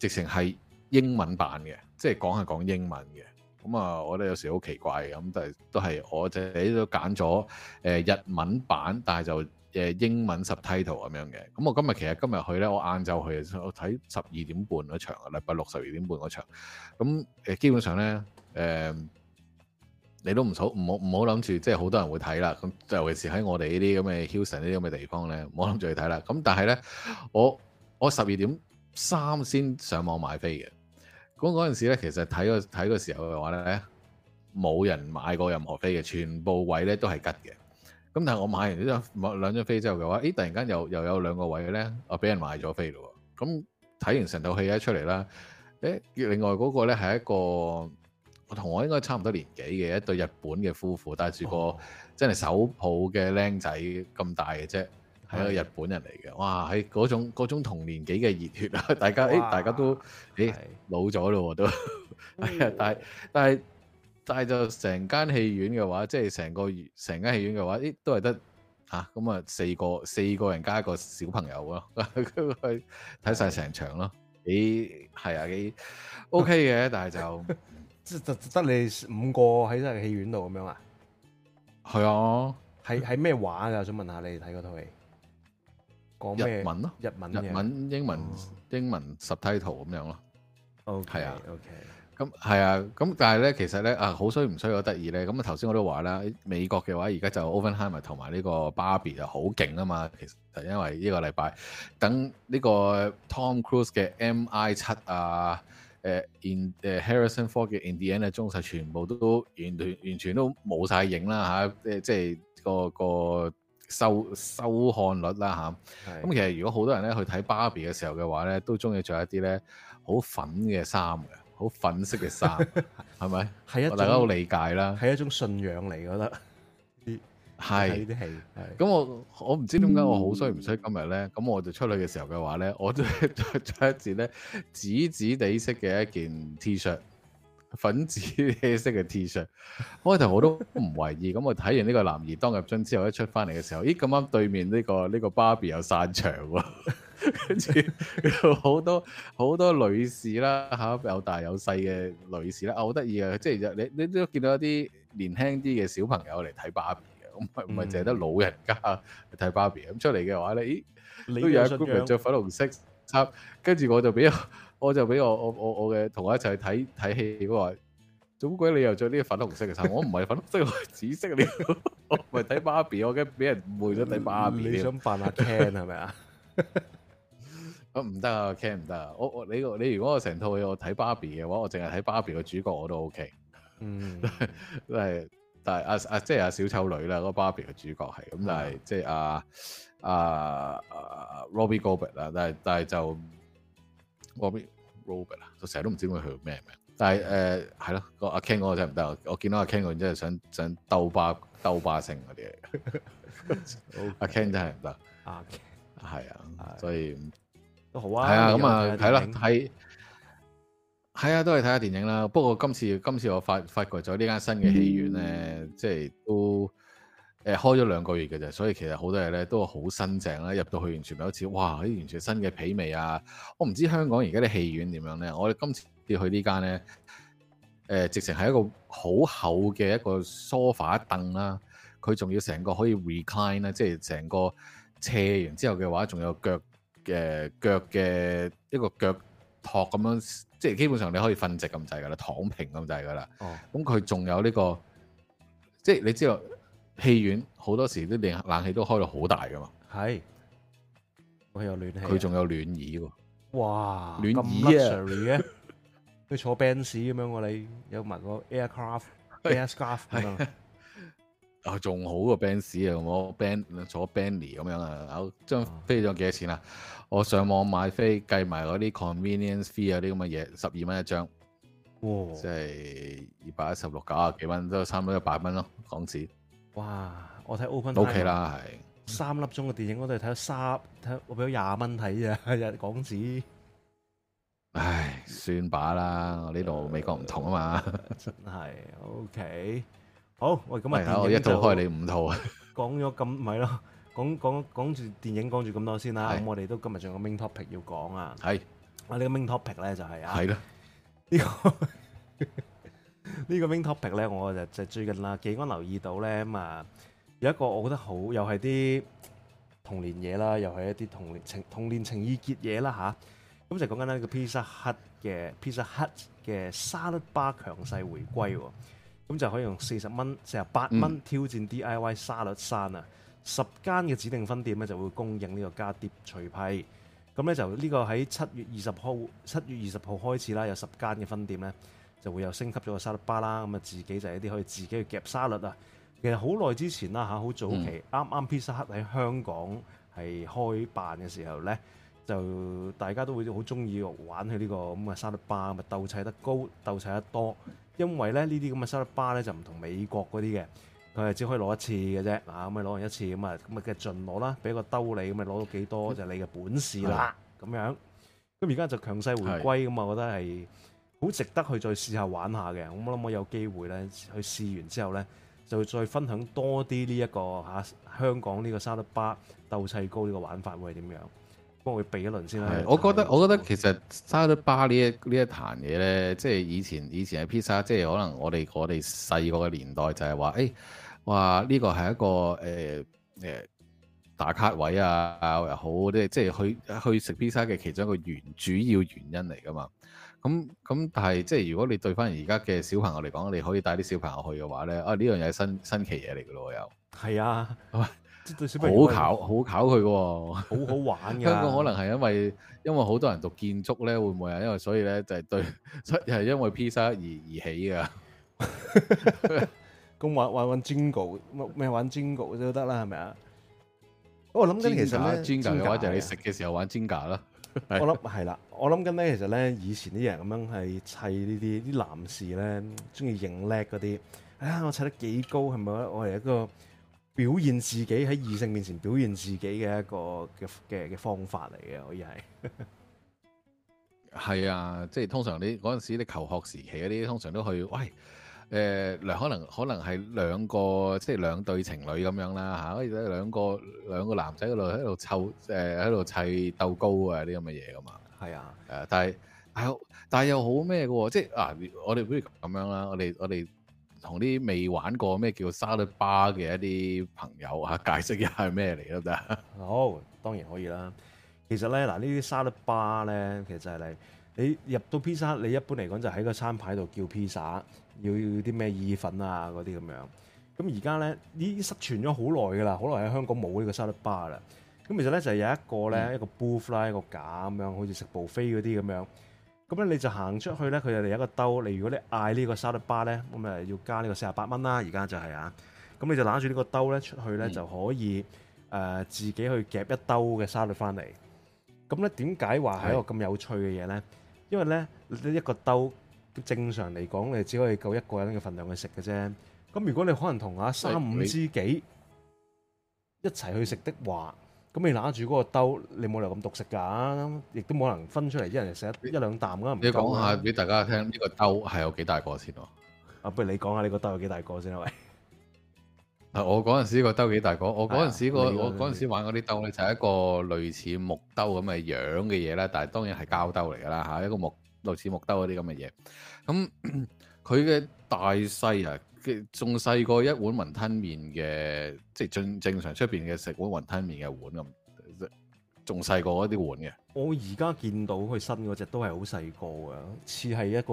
直情係英文版嘅。即係講係講英文嘅，咁啊，我覺得有時好奇怪咁，都係都係我就喺度揀咗誒日文版，但係就誒英文 subtitle 咁樣嘅。咁我今日其實今日去咧，我晏晝去，我睇十二點半嗰場，禮拜六十二點半嗰場。咁誒基本上咧，誒、呃、你都唔好唔好唔好諗住，即係好多人會睇啦。咁尤其是喺我哋呢啲咁嘅 Hilton 呢啲咁嘅地方咧，唔好諗住去睇啦。咁但係咧，我我十二點三先上網買飛嘅。咁嗰陣時咧，其實睇個睇個時候嘅話咧，冇人買過任何飛嘅，全部位咧都係吉嘅。咁但係我買完一兩兩張飛之後嘅話，咦，突然間又又有兩個位嘅咧，啊俾人買咗飛咯。咁睇完成套戲一出嚟啦，誒另外嗰個咧係一個我同我應該差唔多年紀嘅一對日本嘅夫婦，帶住個、哦、真係手抱嘅僆仔咁大嘅啫。係個日本人嚟嘅，哇！係嗰種嗰種同年紀嘅熱血啊，大家誒，大家都誒、欸、老咗咯都，係啊、嗯，但係但係但係就成間戲院嘅話，即係成個成間戲院嘅話，咦、欸，都係得吓咁啊，四個四個人加一個小朋友咯，佢睇晒成場咯，咦，係、 okay、 啊，你 O K 嘅，但係就即係得你五個喺個戲院度咁樣啊？係啊，係係咩畫噶？想問下你睇嗰套戲。日文咯、啊，日文、日文、英文、oh. 英文 subtitle 咁樣咯，係、okay, okay. 啊，咁係啊，咁但係咧，其實咧啊，好衰唔衰都得意咧。咁啊頭先我都話啦，美國嘅話而家就 Oppenheimer 同埋呢個芭比就好勁啊嘛。其實就因為呢個禮拜，等呢個 Tom Cruise 嘅 M I 七啊，誒、啊、In 誒、啊、Harrison Ford 嘅 Indiana 中曬全部都完完完全都冇晒影啦嚇、啊啊，即係個個。個收收看率啦、啊、嚇，咁其實如果好多人咧去睇芭比嘅時候嘅話咧，都中意着一啲咧好粉嘅衫嘅，好粉色嘅衫，係 咪？我大家好理解啦，係一種信仰嚟，覺得。係。啲戲。咁我我唔知點解我好衰唔衰，今日咧，咁我就出去嘅時候嘅話咧，我都着著一件咧紫紫哋色嘅一件 T 恤。粉紫色嘅 t 恤，h i 開頭，我都唔為意，咁我睇完呢個男兒當入樽之後一出翻嚟嘅時候，咦，咁啱對面呢、這個呢、這個芭比有散場喎，跟住好多好多女士啦吓、啊，有大有細嘅女士啦，啊好得意啊，即係、就是、你你都見到一啲年輕啲嘅小朋友嚟睇芭比嘅，唔係唔係淨係得老人家去睇芭比，咁出嚟嘅話咧，咦，你都有冇着粉紅色衫？跟住我就俾。我就俾我我我我嘅同我一齊睇睇戲嗰，話，總鬼你又着呢個粉紅色嘅衫，我唔係粉紅色， 我紫色 我 Barbie，我你，我唔係睇芭比，我驚俾人誤會咗睇芭比。你想扮阿 Ken 係咪啊？咁唔得啊，Ken 唔得啊！我我你你如果我成套戲我睇芭比嘅話，我淨係睇芭比嘅主角我都 OK。嗯，都 係，但係阿阿即係阿小丑女啦，嗰芭比嘅主角係咁但係即係阿阿 Robbie Gobert 啦，但係，啊啊啊，但係就 Robert 啦，佢成日都唔知佢去咩咩，但係，誒係咯，阿 Ken 嗰個真係唔得，我見到阿 Ken 嗰真係想想兜巴兜巴星嗰啲嚟阿 Ken 真係唔得，阿 Ken 係啊，okay，所以、okay。啊、都好啊，係啊，咁啊係啦，係係啊，都係睇下電影啦。不過今次今次我發發掘咗呢間新嘅戲院咧，即係都。誒開咗兩個月嘅啫，所以其實好多嘢咧都好新淨啦，入到去完全唔係好似哇，完全新嘅皮味啊！我唔知香港而家啲戲院點樣咧，我哋今次去呢間咧，誒、呃、直情係一個好厚嘅一個 sofa 凳啦，佢仲要成個可以 recline 啦，即係成個斜完之後嘅話，仲有腳嘅腳嘅一個腳、呃、托咁樣，即係基本上你可以瞓直咁滯噶啦，躺平咁滯噶啦。哦，咁佢仲有呢、這個，即係你知道。戲院好多時啲冷冷氣都開到好大噶嘛，係，佢有暖氣、啊，佢仲有暖椅、啊、哇，暖椅啊，啊 你坐 ban 士咁樣喎、啊、你，有埋個 aircraft a i r c r a f t 樣，啊仲好個 ban 士啊，我 ban 坐 b e n y 咁樣啊，好，張飛咗幾多錢啊？我上網買飛計埋嗰啲 convenience fee 啊啲咁嘅嘢，十二蚊一張，即係二百一十六九啊幾蚊，都差唔多一百蚊咯港紙。哇！我睇奧本都 OK 啦，係三粒鐘嘅電影，我都係睇咗三睇，我俾咗廿蚊睇啫，日港紙。唉，算罷啦，我呢度美國唔同啊嘛。真係 OK，好喂，咁啊，睇我一套開你五套啊。講咗咁咪咯，講講講住電影，講住咁多先啦。咁我哋都今日仲有個 main topic 要講啊。係，我哋嘅 main topic 咧就係啊。係咯。啲。這個、呢個 wing topic 咧，我就即最近啦，幾安留意到咧咁啊，有一個我覺得好，又係啲童年嘢啦，又係一啲童年情童年情意結嘢啦吓。咁、啊、就講緊呢個 pizza hut 嘅 pizza hut 嘅沙律吧強勢回歸，咁就可以用四十蚊，四十八蚊挑戰 D I Y 沙律山啊！十、嗯、間嘅指定分店咧就會供應呢個加碟脆批，咁咧就呢個喺七月二十號，七月二十號開始啦，有十間嘅分店咧，就會有升級咗個沙律巴啦，咁啊自己就係一啲可以自己去夾沙律啊。其實好耐之前啦嚇，好早期啱啱 Pizza Hut 喺香港係開辦嘅時候咧，就大家都會好中意玩佢呢個咁啊沙律巴，咁啊鬥砌得高，鬥砌得多。因為咧呢啲咁嘅沙律巴咧就唔同美國嗰啲嘅，佢係只可以攞一次嘅啫。嗱，咁啊攞完一次，咁啊咁啊嘅盡攞啦，俾個兜你，咁啊攞到幾多就係你嘅本事啦咁樣。咁而家就強勢回歸咁啊，我覺得係。好值得去再試下玩下嘅，我諗我有機會咧，去試完之後咧，就再分享多啲呢一個吓，啊，香港呢個沙律吧鬥砌高呢個玩法會係點樣，幫佢避一輪先啦。我覺得我覺得其實沙律吧呢一呢一壇嘢咧，即係以前以前嘅披薩，即係可能我哋我哋細個嘅年代就係話，誒，哇呢個係一個誒誒打卡位啊又好，即即係去去食披薩嘅其中一個原主要原因嚟噶嘛。咁咁，但係即係如果你對翻而家嘅小朋友嚟講，你可以帶啲小朋友去嘅話咧，啊呢樣嘢係新新奇嘢嚟嘅咯，又係啊是是對，小朋友，好考好考佢嘅，哦，好好玩嘅。 香港可能係因為因為好多人讀建築咧，會唔會啊？因為所以咧就係、是、對，係因為披薩而而起嘅。咁 玩玩 Jenga，玩 Jenga，乜咩玩 Jenga 都得啦，係咪啊？我諗緊其實咧 Jenga 嘅話、Jenga、就係你食嘅時候玩 Jenga 啦，啊。 我諗係啦，我諗緊咧，其實咧以前啲人咁樣係砌呢啲，啲男士咧中意型叻嗰啲，唉、哎，我砌得幾高係咪？我係一個表現自己喺異性面前表現自己嘅一個嘅嘅嘅方法嚟嘅，可以係。係啊，即係通常你嗰陣時你求學時期嗰啲，通常都去喂。誒，可能可能係兩個即係兩對情侶咁樣啦嚇，可以睇兩個兩個男仔度喺度湊誒，喺度砌鬥高啊啲咁嘅嘢噶嘛，係啊，誒，但係但係又好咩嘅喎？即係嗱，啊，我哋咁樣啦，我哋我哋同啲未玩過咩叫沙律吧嘅一啲朋友啊，解釋一下咩嚟得咋。得好，當然可以啦。其實咧嗱，呢啲沙律吧咧，其實係嚟你，你入到披薩，你一般嚟講就喺個餐牌度叫披薩。要要啲咩意粉啊嗰啲咁樣，咁而家呢，已經失傳咗好耐㗎啦，好耐喺香港冇呢個沙律吧啦。咁其實呢，就係、有一個呢，嗯、一個布飛一個架咁樣，好似食部飛嗰啲咁樣。咁咧你就行出去呢，佢就嚟一個兜。你如果你嗌呢個沙律吧呢，咁誒要加呢個四十八蚊啦。而家就係啊，咁你就攬住呢個兜呢出去呢，嗯、就可以誒、呃、自己去夾一兜嘅沙律翻嚟。咁呢點解話係一個咁有趣嘅嘢呢？因為咧你一個兜。正常嚟講，你只可以夠一個人嘅份量去食嘅啫。咁如果你可能同啊三五知己一齊去食的話，咁你攬住嗰個兜，你冇理由咁獨食㗎，亦都冇可能分出嚟一人食一兩啖㗎。唔，你講下俾大家聽，呢個兜係有幾大個先囉？啊，不如你講下呢個兜有幾大個先啦，喂！啊，我嗰陣時個兜幾大個？我嗰陣時個我嗰陣時玩嗰啲兜咧，就係一個類似木兜咁嘅樣嘅嘢啦，但係當然係膠兜嚟㗎啦嚇，一個木。類似木兜嗰啲咁嘅嘢，咁佢嘅大細啊，仲細過一碗雲吞麵嘅，即係正正常出邊嘅食碗雲吞麵嘅碗咁，仲細過一啲碗嘅。我而家見到佢新嗰隻都係好細個嘅，似係一個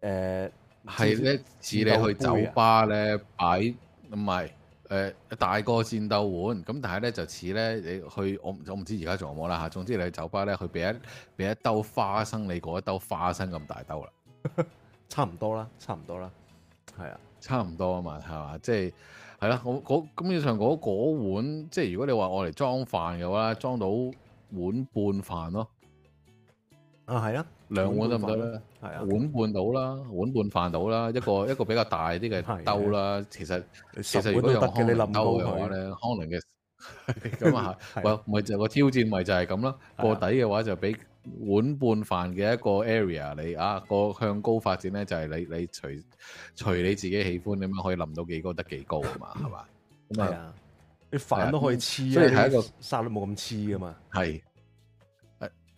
誒，係咧似你去酒吧咧擺，唔係。誒、呃、大個戰鬥碗咁，但係咧就似咧你去我，我唔知而家仲有冇啦嚇。總之你去酒吧咧，佢俾一俾一兜花生，你嗰一兜花生咁大兜啦， 差唔多啦，差唔多啦，係啊，差唔多啊嘛，係嘛？即係係啦。我咁以上嗰、嗰個、碗，即係如果你話我嚟裝飯嘅話，裝到碗半飯咯。啊，係啊。兩碗得唔得啦，碗半到啦、啊，碗半飯到啦，一個一個比較大啲嘅兜啦，其實其實都得嘅。你冧到佢，康寧嘅咁啊，唔係、啊哎、就個、是、挑戰，咪就係咁啦。過底嘅話就俾碗半飯嘅一個 area 你啊，個向高發展咧就係、是、你你隨隨你自己喜歡點樣可以冧到幾高、啊、得幾高啊嘛，係嘛？係啊，啊，你飯都可以黐、啊，即係係一個沙律冇咁黐噶嘛。係、啊。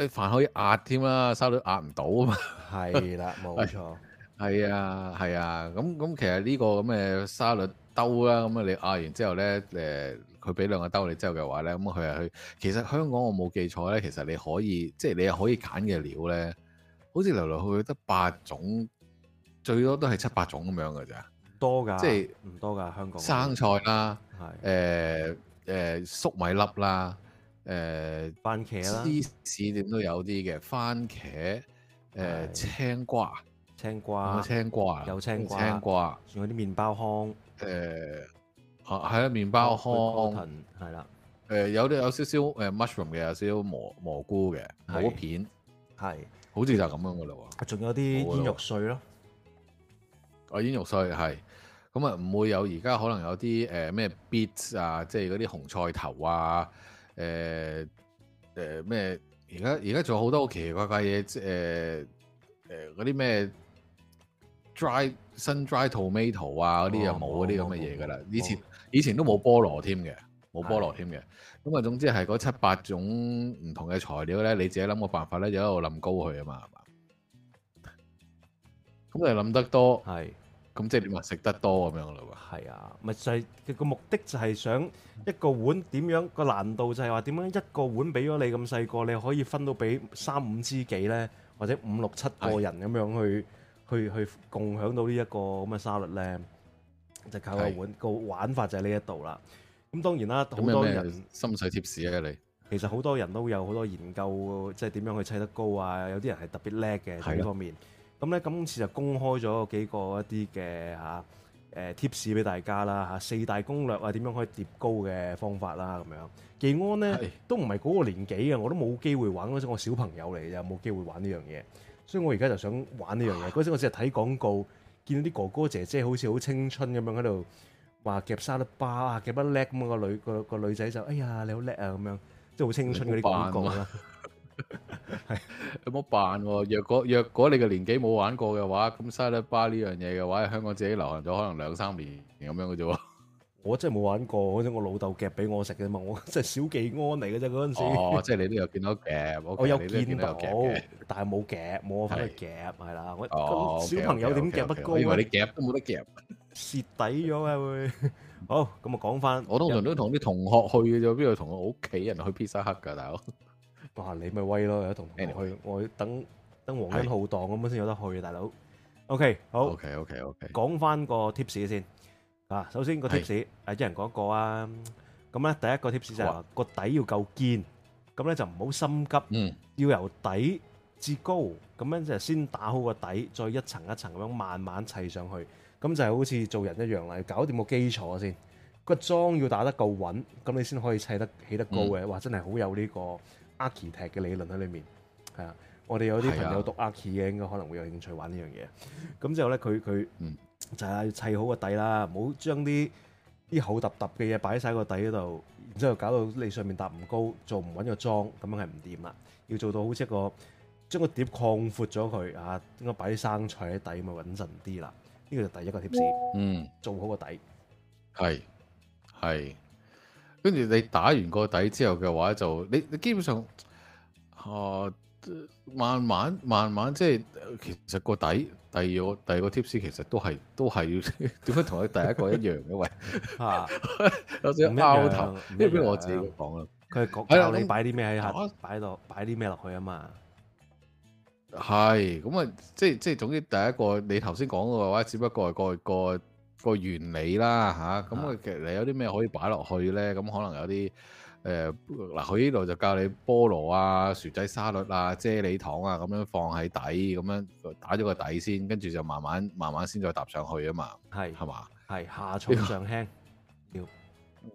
飯可以壓添啦，沙律壓唔到啊嘛。係啦，冇 錯，係啊，係啊。咁咁其實呢個咁嘅沙律兜啦，咁啊你啊，壓完之後咧，誒佢俾兩個兜你之後嘅話咧，咁佢係去。其實香港我冇記錯咧，其實你可以即係你係可以揀嘅料咧，好似嚟嚟去去得八種，最多都係七八種咁樣嘅咋。多㗎，即係唔多㗎。香港生菜啦，係誒誒粟米粒啦。誒、呃，番茄啦，芝士點都有啲嘅，番茄，誒、呃，青瓜，青瓜，啊、青瓜啊，有青瓜，青瓜，仲有啲麵包糠，誒、呃，係係啊，麵、啊、包糠，係啦，誒，有啲有少少誒 mushroom 嘅，少蘑蘑菇嘅，蘑菇片，係，好似就係咁樣噶咯，仲有啲煙肉碎咯，啊，煙肉碎係，咁啊唔會有而家可能有啲誒咩 beats 啊，即係嗰啲紅菜頭啊。誒誒咩？而家而家仲有好多好奇奇怪怪嘢，即誒誒嗰啲咩 dry sun dry tomato 啊，嗰啲又冇嗰啲咁嘅嘢噶啦。以前以前都冇菠蘿添嘅，冇菠蘿添嘅。咁啊，總之係嗰七八種唔同嘅材料咧，你自己諗個辦法咧，就喺度冧高佢啊嘛，係嘛。咁你諗得多。咁即係你話食得多咁樣咯喎？係啊，咪就係、是、個目的就係想一個碗點樣個難度就係話點樣一個碗俾咗你咁細個，你可以分到俾三五知己咧，或者五六七個人咁樣去去去，去共享到呢一個咁嘅沙律咧，就靠個碗個玩法就係呢一度啦。咁當然啦，好多人心水貼士啊你。其實好多人都有好多研究，即係點樣去砌得高啊？有啲人係特別叻嘅呢方面。咁咧，今次就公開咗幾個一啲嘅嚇誒貼士俾大家啦嚇，四大攻略啊，點樣可以疊高嘅方法啦咁樣。技安咧都唔係嗰個年紀嘅，我都冇機會玩嗰陣，我小朋友嚟又冇機會玩呢樣嘢，所以我而家就想玩呢樣嘢。嗰陣我只係睇廣告，見到啲哥哥姐姐好似好青春咁樣喺度話夾沙律包啊，夾得叻咁啊，個女個個女仔就哎呀你好叻啊咁樣，即係好青春嗰啲廣告啦。係有冇扮？若果若果你嘅年紀冇玩過嘅話，咁沙律吧呢樣嘢嘅話，香港自己流行咗可能兩三年咁樣嘅啫。我真係冇玩過，嗰陣我老豆夾俾我食嘅嘛，我真係小技安嚟嘅啫嗰陣時。即係你都有見到夾，我有見但係冇夾，冇我去夾係啦。哦，小朋友點夾得高啊？因、okay, okay, 為你夾都冇得夾，蝕 底咗啊會。是是 好，咁啊講翻，我通常都同啲同學去嘅啫，邊度同我屋企人去披薩 Hut 噶大佬？哇！你咪威咯，有得同佢去。我要等等皇恩浩蕩咁樣先有得去啊，大佬。OK，好。OK，OK，OK。講返個 tips 先啊。首先個 tips，誒一人講一個啊。咁咧，第一個 tips 就係話個底要夠堅。咁咧就唔好心急，要由底至高咁樣就先打好個底，再一層一層咁樣慢慢砌上去。咁就係好似做人一樣啦，要搞掂個基礎先。個樁要打得夠穩，咁你先可以砌得起得高嘅。哇！真係好有呢個～Architect 嘅理論喺裏面，係啊，我哋有啲朋友讀 Archi 嘅應該可能會有興趣玩呢樣嘢。咁之後咧，佢佢就係砌好個底啦，唔好將啲啲厚揼揼嘅嘢擺晒個底嗰度，然之後搞到你上面搭唔高，做唔穩個樁，咁樣係唔掂啦。要做到好似一個將個碟擴闊咗佢啊，應該擺啲生菜喺底，咪穩陣啲啦。呢個就第一個貼士，嗯，做好個底，係係。是的。跟住你打完個底之後嘅話就，就你你基本上，啊、呃，慢慢慢慢，即係其實個底第二個第二個 tips 其實都係都係要點樣同佢第一個一樣嘅、啊、喂，嚇，我想拗個頭，呢邊、啊、我自己講啦，佢、啊、係教你擺啲咩喺下，擺落擺啲咩落去啊嘛，係，咁、嗯、啊、嗯嗯，即係即係總之第一個你頭先講嘅話，只不過係個個。個原理啦吓，咁啊其實你有啲咩可以擺落去咧？咁可能有啲誒嗱，佢呢度就教你菠蘿啊、薯仔沙律啊、啫喱糖啊咁樣放喺底，咁樣打咗個底先，跟住就慢慢慢慢先再搭上去啊嘛。係係嘛？係下重上輕。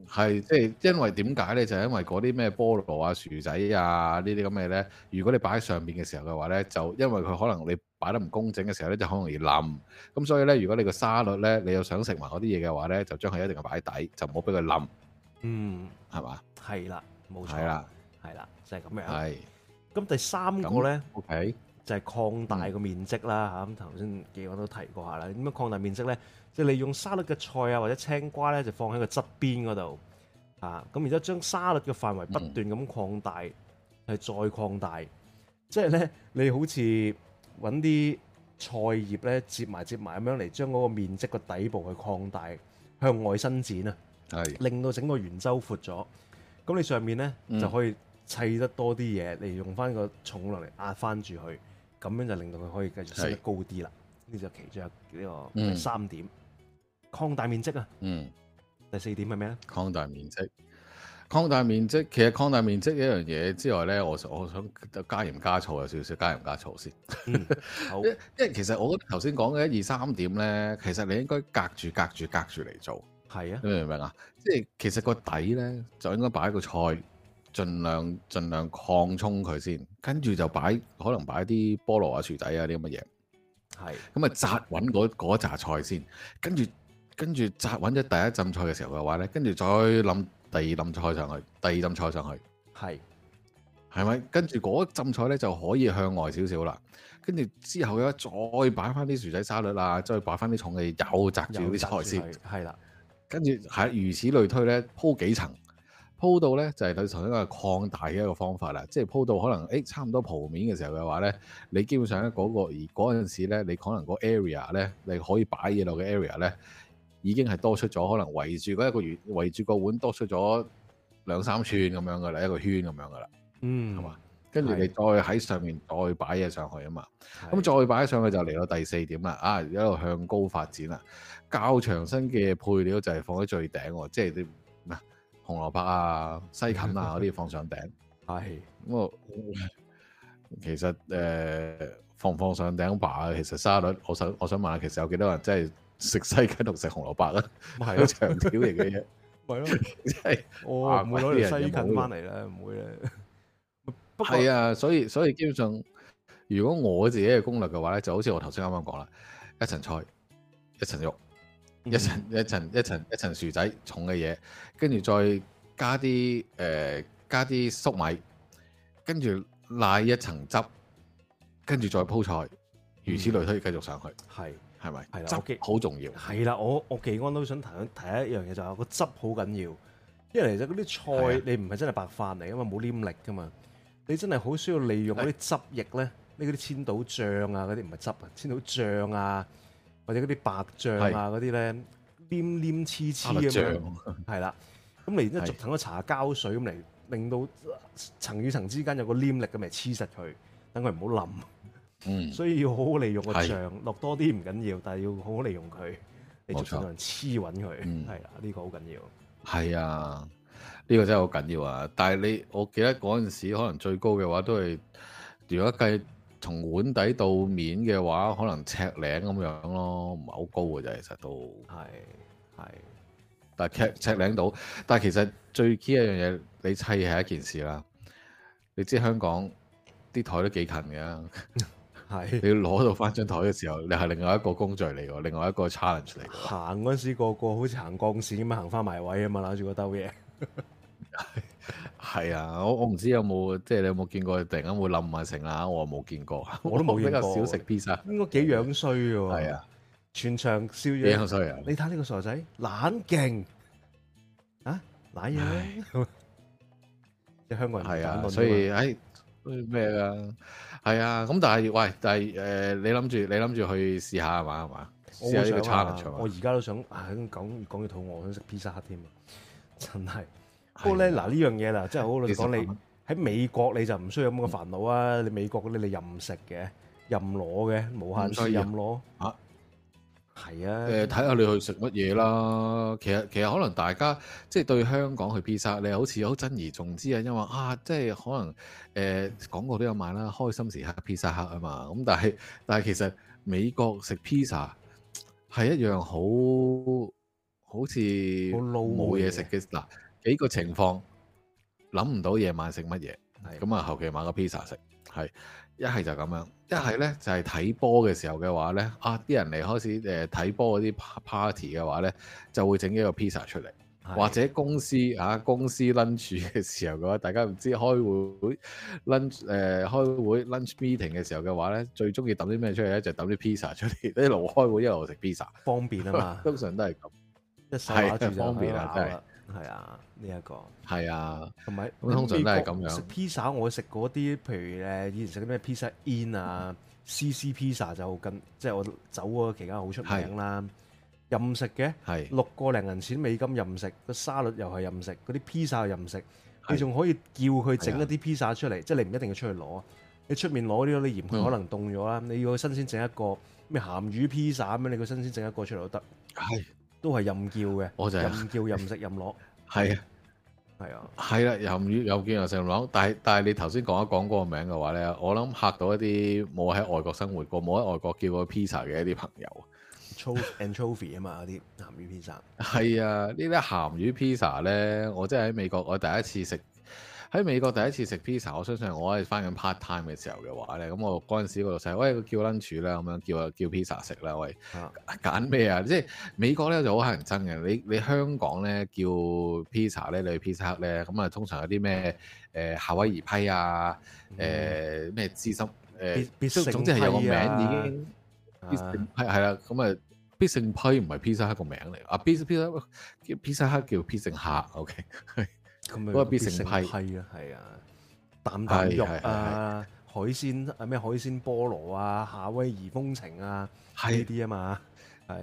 係，即係因為點解咧？就係因為嗰啲咩菠蘿啊、薯仔啊呢啲咁嘅咧。如果你擺喺上邊嘅時候嘅話咧，就因為佢可能你擺得唔工整嘅時候咧，就好容易冧。咁所以咧，如果你個沙律咧，你又想食埋嗰啲嘢嘅話咧，就將佢一定要擺底，就唔好俾佢冧。嗯，係嘛？係啦，冇錯。係啦，係啦，就係咁樣。係。咁第三個咧？O K。那個 okay? 就係、是、擴大個面積啦嚇，咁頭先幾個都提過下啦。點樣擴大面積呢？即係你用沙律嘅菜啊，或者青瓜呢，就放喺個側邊嗰度啊。咁然之後將沙律嘅範圍不斷咁擴大，係、嗯、再擴大。即、就、係、是、呢，你好似揾啲菜葉呢，接埋接埋咁樣嚟將嗰個面積個底部去擴大，向外伸展啊。令到整個圓周闊咗，咁你上面呢、嗯，就可以砌得多啲嘢，你用翻個重量嚟壓翻住佢。咁樣就令到佢可以繼續升得高啲啦。呢就其中一個第三、這個、點，嗯、擴大面積啊。嗯。第四點係咩啊？擴大面積，擴大面積。其實擴大面積一樣嘢之外咧，我我想加鹽加醋有少少加鹽加醋先。嗯、 因為其實我覺得頭先講嘅一二三點咧，其實你應該隔住隔住隔住嚟做。係啊。你明唔明啊？即係其實個底咧，就應該擺一個菜。盡量盡量擴充佢先，跟住就擺可能擺啲菠蘿啊、薯仔啊啲咁嘅嘢，係咁啊，摘穩嗰嗰扎菜先，跟住跟住摘穩咗第一浸菜嘅時候嘅話咧，跟住再諗第二浸菜上去，第二浸菜上去，係係咪？跟住嗰浸菜咧就可以向外少少啦，跟住之後咧再擺翻啲薯仔沙律啊，再擺翻啲重嘅，又，摘住啲菜先，係啦，跟住係如此類推咧，鋪幾層。鋪到咧就係佢頭先嗰個擴大嘅一個方法啦，即係鋪到可能、欸、差唔多鋪面嘅時候嘅話咧，你基本上咧嗰個而嗰陣時咧，你可能個 area 咧，你可以擺嘢落嘅 area 咧，已經係多出咗，可能圍住嗰一個圓，圍住個碗多出咗兩三寸咁樣噶啦，一個圈咁樣噶啦，嗯，係嘛，跟住你再喺上面再擺嘢上去啊嘛，咁再擺上去就嚟到第四點啦，啊一路向高發展啦，較長身嘅配料就係放喺最頂喎，即係你。紅蘿蔔啊、西芹啊嗰啲放上頂，係咁啊。其實誒、呃，放唔放上頂吧。其實沙律，我想我想問下，其實有幾多人真係食西芹同食紅蘿蔔啊？係長條型嘅嘢，係 咯是、啊，即係攞啲西芹翻嚟咧，唔會咧。係啊，所以所以基本上，如果我自己嘅攻略嘅話咧，就好似我頭先啱啱講啦，一層菜，一層肉。嗯、一層一層一層一層薯仔重嘅嘢，跟住再加啲誒、呃、加啲粟米，跟住瀨一層汁，跟住再鋪菜、嗯，如此類推繼續上去。係係咪？係啦，汁好重要。係啦，我我幾安都想提提一樣嘢，就係、是、個汁好緊要。因為其實嗰啲菜你唔係真係白飯嚟噶嘛，冇黏力噶嘛。你真係好需要利用嗰啲汁液咧，你嗰啲千島醬啊嗰啲唔係汁啊，千島醬啊。或者嗰啲白醬啊，嗰啲咧黏黏黐黐咁樣，係、啊、啦，咁嚟即係逐層搽下膠水咁嚟令到層與層之間有個黏力，咁咪黐實佢，等佢唔好冧。嗯，所以要好好利用個醬，落多啲唔緊要，但係要好好利用佢，你逐層嚟黐穩佢。嗯，係啦，呢、這個好緊要。係啊，呢、這個真係好緊要啊、嗯！但係你，我記得嗰陣時可能最高嘅話都係，如果計。從碗底到面嘅話，可能赤嶺咁樣咯，唔係好高嘅啫。其實都係係，但係赤赤嶺到，但係其實最 key 一樣嘢，你砌係一件事啦。你知香港啲台都幾近嘅，你要攞到翻張台嘅時候，你係另外一個工序嚟喎，另外一個 challenge 嚟。行嗰陣時，個個好似行鋼線咁樣行翻埋位啊嘛，攬住個兜嘢。 係啊，我我唔知有冇，即係你有冇見過突然間會冧埋成啦？我冇見過，我都冇比較少食 pizza，應該幾樣衰喎。係啊，全場笑樣，幾樣衰啊！你睇呢個傻仔，懶勁啊，懶嘢、啊，即、啊、 香港人係啊，所以喺咩、哎、啊？係啊，咁但係喂，但係誒、呃，你諗住你諗住去試下係嘛係嘛？我好想叉啊，試試我而家都想，唉、哎，講講要肚餓，餓想食 pizza 添啊，真係。嗰咧嗱，呢樣嘢嗱，真係好你講。你喺美國你就唔需要咁嘅煩惱啊、嗯！你美國嗰啲你任食嘅，任攞嘅，無限次任攞嚇。係、嗯、啊。誒，睇、嗯、下、呃、你去食乜嘢啦。其實其實可能大家即係對香港去披薩你好似好珍而重之啊。因為啊，即係可能誒廣告都有賣啦，開心時刻披薩客啊嘛。咁但係但係其實美國食披薩係一樣好好似冇嘢食嘅嗱。幾個情況諗唔到夜晚食乜嘢，咁啊後期買個 pizza 食，係一係就咁樣，一係咧就係睇波嘅時候嘅話咧，啊啲人嚟開始誒睇波嗰啲 party 嘅話咧，就會整一個 pizza 出嚟，或者公司啊公司 lunch 嘅時候嘅話，大家唔知開會 lunch 誒、呃、開會 lunch meeting 嘅時候嘅話咧，最中意抌啲咩出嚟咧，就係抌啲 pizza 出嚟，一路開會一路食 pizza 方便啊嘛，通常都係咁，一手拿住就方便啦，真係。係啊，呢、這、一個係啊，同埋咁通常都係咁樣。食 pizza 我食嗰啲，譬如誒以前食啲咩 pizza in 啊，CC、mm -hmm. pizza 就近，即、就、係、是、我走嗰期間好出名啦、啊。任食嘅，六、啊、個零銀錢美金任食，個沙律又係任食，嗰啲 pizza 又任食。啊、你仲可以叫佢整一啲 pizza 出嚟，即係、啊就是、你唔一定要出去攞。你出面攞呢啲，你嫌佢可能凍咗啦。你要新鮮整一個咩鹹魚 pizza 咁樣，你個新鮮整一個出嚟都得。係、啊。都係任叫嘅，我就係、是、任叫任食任攞，係啊，係啊，係啦，鹹魚任叫任食任攞，但係但係你頭先講一講嗰個名嘅話咧，我諗嚇到一啲冇喺外國生活過、冇喺外國叫過 pizza 嘅一啲朋友，chow and chovy 啊嘛，啲 鹹魚 pizza，係啊，呢啲鹹魚 pizza 咧，我真係喺美國我第一次食。喺美國第一次食 pizza，我相信我係翻緊 part time 嘅時候嘅話咧，咁我嗰陣時個老細，喂，叫 lunch 啦，咁樣叫叫 pizza 食啦，喂，揀、啊、咩啊？即係美國咧就好乞人憎嘅，你你香港咧叫 pizza 咧，你 pizza 黑咧，咁啊通常有啲咩誒夏威夷批啊，誒咩芝深？誒、呃，總之有個名已經必勝披，係啦，咁啊必勝批唔係 pizza 黑個名嚟，啊 pizza pizza、嗯啊、叫 pizza 叫，叫客，叫客，OK。 咁啊，變成批啊，係啊，啖啖肉啊，海鮮啊，咩海鮮菠蘿啊，夏威夷風情啊，係呢啲啊嘛，係，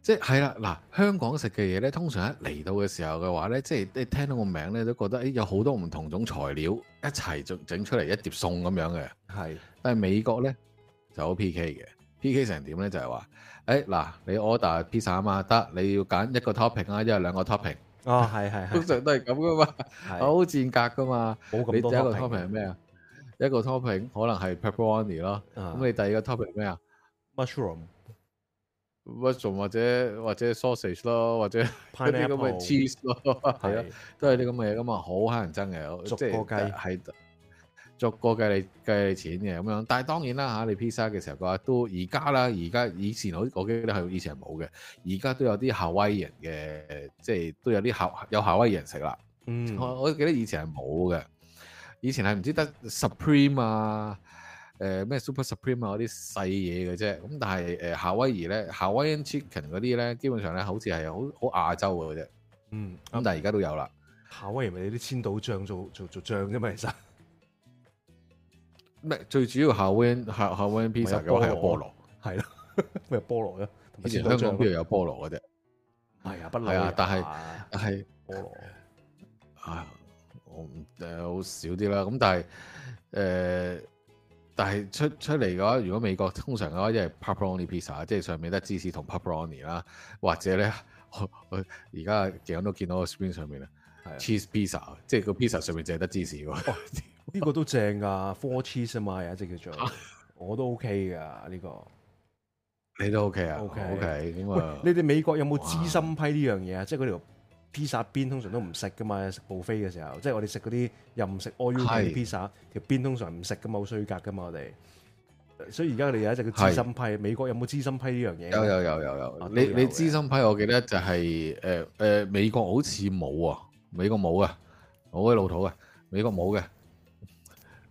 即係啦，嗱，香港食嘅嘢咧，通常一嚟到嘅時候嘅話咧，即係你聽到個名咧，都覺得誒有好多唔同種材料一齊整整出嚟一碟餸咁樣嘅，係。但係美國咧就好 P K 嘅，P K 成點咧就係話、哎，誒嗱，你 order pizza 啊嘛，得、嗯、你要揀一個 topping 啊，一係兩個 topping 哦，係係係，通常都係咁噶嘛，好賤格噶嘛，多你第一個 topping 係咩啊？一個 topping 可能係 pepperoni 咯，咁、啊、你第二個 topping 咩啊？mushroom，mushroom 或者或者 sausage 咯，或者啲咁嘅 cheese 咯，係啊，都係啲咁嘅嘢噶嘛，好乞人憎嘅，即係喺。逐個計你計錢嘅咁樣，但係當然啦嚇、啊，你披薩嘅時候嘅話，都而家啦，而家以前好，我記得係以前冇嘅，而家都有啲夏威夷嘅，即係都有啲夏有夏威夷人食啦。嗯，我記得以前係冇嘅，以前係唔知得 Supreme 啊，誒、呃、咩 Super Supreme 啊嗰啲細嘢嘅啫。咁但係誒夏威夷咧，夏威夷 Chicken 嗰啲咧，基本上咧好似係好好亞洲嘅啫。嗯，咁但係而家都有啦。夏威夷咪你啲千島醬做做做醬啫嘛，其實。 咩最主要夏威夷夏威夷 Pizza 嘅話係有菠蘿，係咯，咪菠蘿咯。以前 香港邊度有菠蘿嘅啫，係、哎、啊，不嬲。係啊，但係但係菠蘿啊、哎，我唔，好、呃、少啲啦。咁但係誒，但係、呃、出出嚟嘅話，如果美國通常嘅話，即係 Pepperoni Pizza，即係上面得芝士同 Pepperoni 啦。或者咧，我我而家成日都見到個 screen 上面啊，Cheese Pizza，即係個 pizza 上面淨係得芝士。 呢、這個都正㗎，four cheese 啊嘛，有一隻叫做 我都 OK 嘅呢、這個，你都啊 OK 啊？OK，因、嗯、為、嗯、你哋美國有冇芝心批呢樣嘢啊？即係嗰條披薩邊通常都唔食噶嘛，食布菲嘅時候，即係我哋食嗰啲又唔食 all you can pizza 條邊通常唔食嘛，冇衰格嘅嘛，我哋所以而家你有一隻叫芝心批，美國有冇芝心批呢樣嘢？有有有有有、啊、你有你芝心批我記得就係誒誒美國好似冇啊，美國冇啊，好鬼老土啊，美國冇嘅。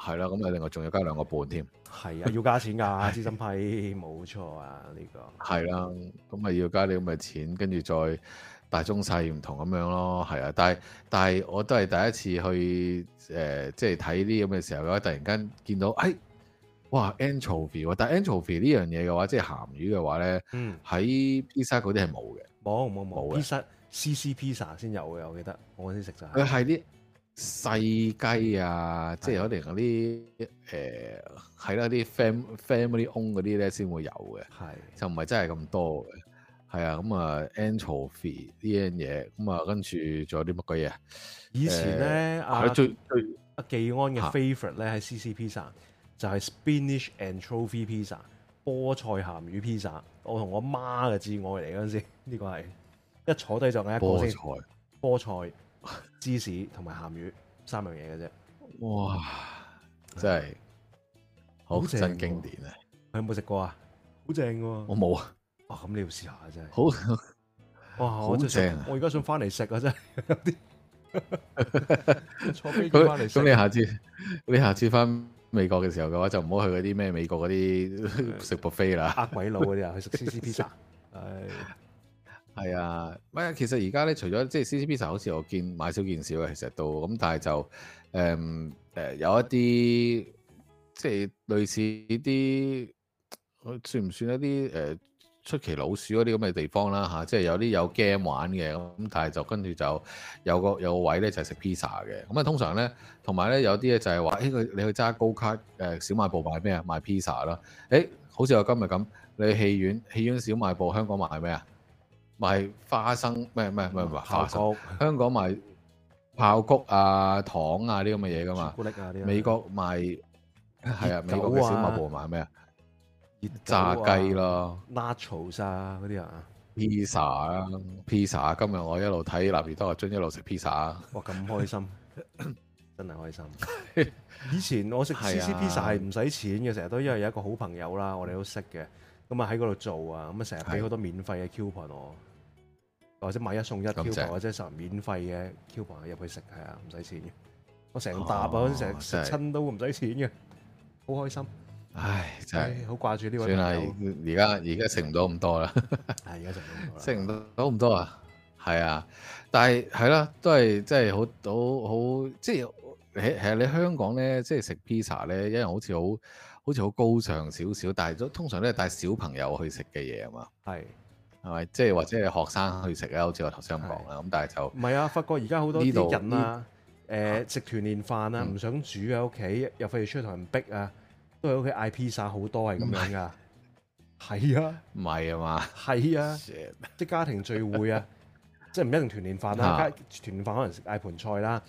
係啦，咁啊，另外仲要加兩個半添，係啊，要加錢㗎 資深批，冇錯啊，呢、呢個係啦，咁咪要加啲咁嘅錢，跟住再大中細唔同咁樣咯，係啊，但係但係我都係第一次去誒，即係睇啲咁嘅時候嘅話，突然間見到，哎，哇 entropy 但係 entropy 呢樣嘢嘅話，即、就、係、是、鹹魚嘅話咧，嗯，喺 pizza 嗰啲係冇嘅，冇冇冇，pizza，CC pizza 先 pizza 有嘅，我記得，我先食晒。係，誒啲。細雞啊，即係可能嗰啲誒係啦，啲、呃、family owned 嗰啲咧先會有嘅，係就唔係真係咁多嘅，係啊咁啊 anchovy 呢啲嘢，咁、嗯、啊、嗯、跟住仲有啲乜鬼嘢以前咧阿、呃啊啊、最最阿技安嘅 favorite 咧喺、啊、CC Pizza 就係 spinach and anchovy pizza 菠菜鹹魚 pizza，我同我媽嘅至愛嚟嗰陣時，呢、這個係一坐低就嗌一個先菠菜，菠菜芝士同埋鹹魚三樣嘢嘅啫，哇！真係好正經典啊！你有冇食過啊？好正，我冇啊！哇，咁你要試下真係好哇！好正，我而家想翻嚟食啊！真係有啲坐飛機翻嚟咁，你下次你下次翻美國嘅時候嘅話，就唔好去嗰啲咩美國嗰啲食 buffet 啦，阿鬼佬嗰啲啊，去食 C C 披薩係。係啊，唔係其實而家咧，除咗即係 C C Pizza，好似我見買少見少嘅，其實都咁。但係就誒誒、嗯呃、有一啲即係類似呢啲算唔算一啲誒、呃、出奇老鼠嗰啲咁嘅地方啦？嚇、啊，即係有啲有 game 玩嘅咁，但係就跟住就有個有個位咧就係、是、食 pizza 嘅咁啊。通常咧，同埋咧有啲咧就係話誒，佢、欸、你去揸高卡誒、呃、小賣部買咩啊？買 pizza 啦。誒、欸，好似我今日咁，你去戲院戲院小賣部香港買咩啊？賣花生咩？咩咩唔係，花生，香港賣爆谷啊糖啊啲咁嘅嘢噶嘛，朱古力啊啲。美國賣係啊，啊，美國嘅小賣部賣咩啊？熱炸雞咯，nachos 啊嗰啲啊，pizza 啊 pizza。今日我一路睇《立味多》阿樽，一路食 pizza，啊。哇咁開心， 真係開心。 以前我食 CC pizza 係唔使錢嘅，成日都因為有一個好朋友啦，我哋都識嘅，咁啊喺嗰度做啊，咁啊成日俾好多免費嘅 coupon 我。或者買一送一 coupon 或者甚至免費嘅 coupon，入去食，係啊，唔使錢嘅。我成沓啊，成日食親都唔使錢嘅，好開心。唉，真係、哎、好掛住呢位。算啦，而家而家食唔到咁多啦。係，而家食唔到。咁 多。食唔到咁多啊？係啊，但係係啦，都係即係好好好，即係係係啊！你香港咧，即係食 pizza 咧，因為像很像很一樣好似好好似好高尚少少，但係都通常都係帶小朋友去食嘅嘢啊嘛。係。係咪即係或者係學生去食咧？好似我頭先咁講啦，咁但係就唔係啊！發覺而家好多啲人啊，誒食、呃啊、團年飯啊，唔、嗯、想煮喺屋企又費事出去同人逼啊，都喺屋企嗌 pizza 好多係咁樣噶。係啊，唔係啊嘛？係啊，啊，即係家庭聚會啊， 即係唔一定團年飯啦、啊，家、啊、團年飯可能食嗌盤菜啦、啊，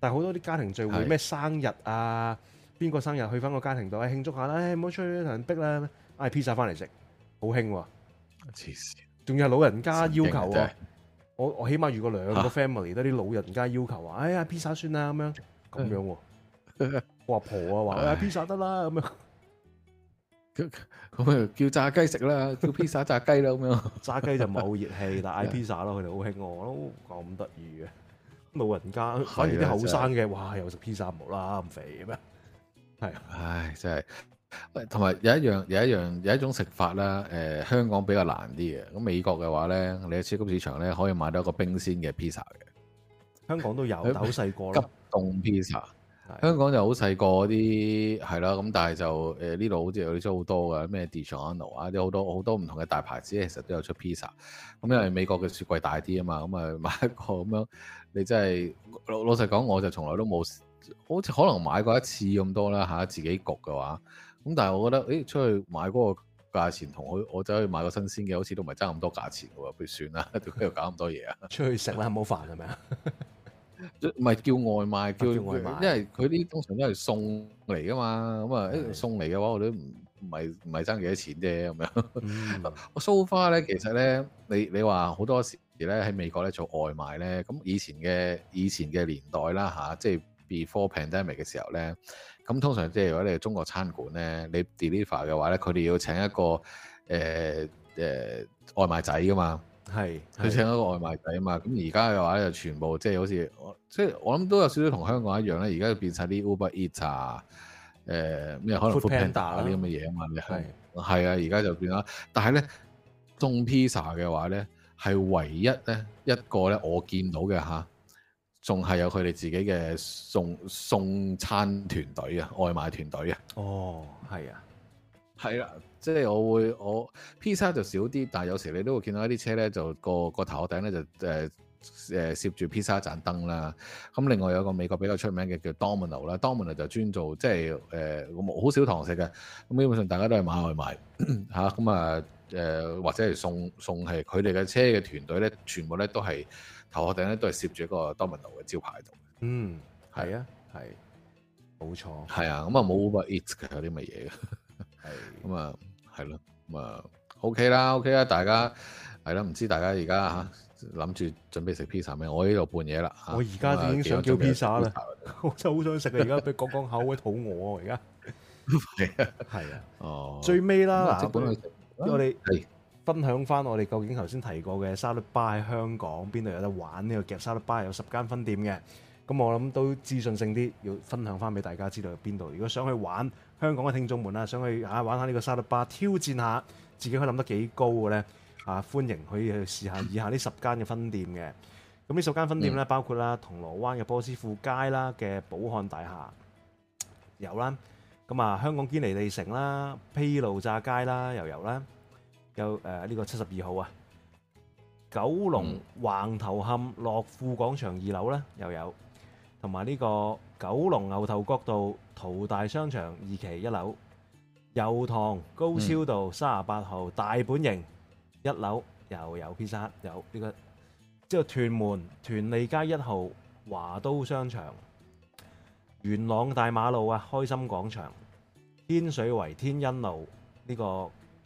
但係好多啲家庭聚會咩生日啊，邊個生日去翻個家庭度，哎慶祝下啦，唔好出去同人逼啦、啊，嗌 pizza 翻嚟食，好興喎。黐線！仲有老人家要求啊！我我起碼遇過兩個 family 得、啊、啲老人家要求話：，哎呀，披薩算啦咁樣，咁樣喎。 我阿婆啊話、哎：，披薩得啦咁樣。咁 啊叫，叫炸雞食啦，叫披薩炸雞啦咁樣。 炸雞就唔係好熱氣， 但係嗌披薩啦，佢哋好興喎，咁得意嘅老人家，反而啲後生嘅，哇！又食披薩唔好啦，咁肥咁樣。係，唉，真係。同埋有一樣，有一樣，有一種食法啦。誒、呃，香港比較難啲嘅。咁美國嘅話咧，你喺超級市場咧可以買到一個冰鮮嘅 pizza 嘅。香港都有，但好細個咯。急凍 pizza，香港就，就、呃、好細個啲，係啦。咁但係就誒呢度好似有啲出好多嘅咩 DiGiorno 啊，啲好多好多唔同嘅大牌子其實都有出 pizza。咁因為美國嘅雪櫃大啲啊嘛，咁啊買一個咁樣，你真係老老實講，我就從來都冇，好似可能買過一次咁多啦吓，啊，自己焗嘅話。咁但係我覺得，誒出去買嗰個價錢同我我走去買個新鮮嘅，好似都唔係爭咁多價錢㗎喎，不如算啦，點解又搞咁多嘢啊？出去食係冇煩係咪啊？唔 係叫、叫外賣，叫外賣因為佢啲通常都係送嚟㗎嘛，咁啊，送嚟嘅話，我都唔唔係唔係爭幾多錢啫咁樣。我蘇花咧，so far, 其實咧，你你話好多時咧喺美國咧做外賣咧，咁以前嘅以前嘅年代啦吓，即係 before pandemic 嘅時候咧。咁通常即係如果你係中國餐館咧，你 deliver 嘅話咧，佢哋要請一個誒誒、呃呃、外賣仔噶嘛，係佢請一個外賣仔啊嘛。咁而家嘅話呢就全部即係好似，即係我諗都有少少同香港一樣咧。而家變晒啲 Uber e a t e r 誒、呃、咩可能 Foot 啲咁嘅嘢啊嘛。係係啊，而家就變啦。但係咧送披 i 嘅話咧，係唯一咧一個咧我見到嘅嚇。仲係有佢哋自己嘅送送餐團隊啊，外賣團隊啊。哦，係啊，係啦，即係我會我披薩就少啲，但係有時你都會見到一啲車咧，就個個頭殼頂咧就誒誒攝住披薩一盞燈啦。咁、嗯、另外有個美國比較出名嘅叫 Domino 啦，Domino 就專做即係誒好少堂食嘅，咁基本上大家都係買外賣嚇。咁啊誒、嗯呃、或者係送送係佢哋嘅車嘅團隊咧，全部咧都係。頭殼頂咧都係攝住一個 Domino 嘅招牌度。嗯，係啊，係，冇錯，係啊。咁啊冇 Uber Eats 嘅有啲乜嘢嘅。係。咁 啊，係咯。咁啊，OK 啦，OK 啦。大家係啦，唔、啊、知大家而家諗住準備食 pizza 咩？我呢度半夜啦。我而家已經想叫 pizza 啦。嗯、我真係好想食啊！而家俾講講口，我肚餓而家係啊，啊。哦。最尾啦，即叫你係。分享翻我哋究竟頭先提過嘅沙律吧。喺香港邊度有得玩呢個夾沙律吧？有十間分店嘅，咁我諗都資訊性啲，要分享翻俾大家知道邊度。如果想去玩香港嘅聽眾們啦，想去嚇玩下呢個沙律吧，挑戰下自己可以諗得幾高嘅咧，啊歡迎可以去試下以下呢十間嘅分店嘅。咁呢十間分店咧，店包括啦銅鑼灣嘅波斯富街啦嘅寶漢大廈有啦，咁啊香港堅尼地城啦卑路乍街啦又有啦。有誒呢、呃這個七十二號啊，九龍橫頭磡樂富廣場二樓咧、嗯、又有，同埋呢個九龍牛頭角道淘大商場二期一樓，油塘高超道三十八號大本營一樓又、嗯、有 P 三有呢、這個，即後屯門屯利街一號華都商場，元朗大馬路啊，開心廣場，天水圍天恩路呢、這個。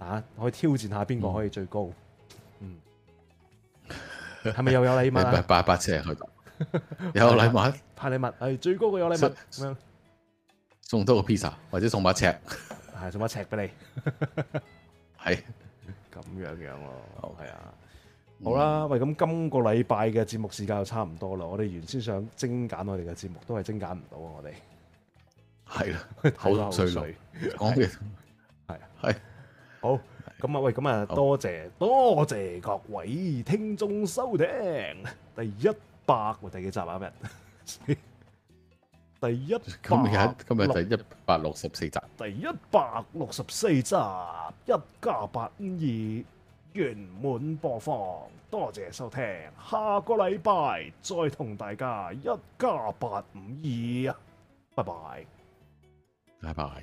啊！可以挑戰下邊個可以最高？嗯，係、嗯、咪又有禮物八、啊、買尺去，有禮物派、 啊、禮物，係最高嘅有禮物咁樣，送多個披薩或者送把尺，係、啊、送把尺俾你，係 咁是 樣樣咯。係啊好、嗯，好啦，喂，咁今個禮拜嘅節目時間就差唔多啦。我哋原先想精簡我哋嘅節目，都係精簡唔到啊。我哋係啊，好碎碎，我嘅係係。好，咁啊喂，咁啊多謝多謝各位聽眾收聽第一百第幾集啊？咩？第一，今日今日第一百六十四集，第一百六十四集一家八五二，完滿播放，多謝收聽，下個禮拜再同大家一家八五二啊，拜拜，拜拜。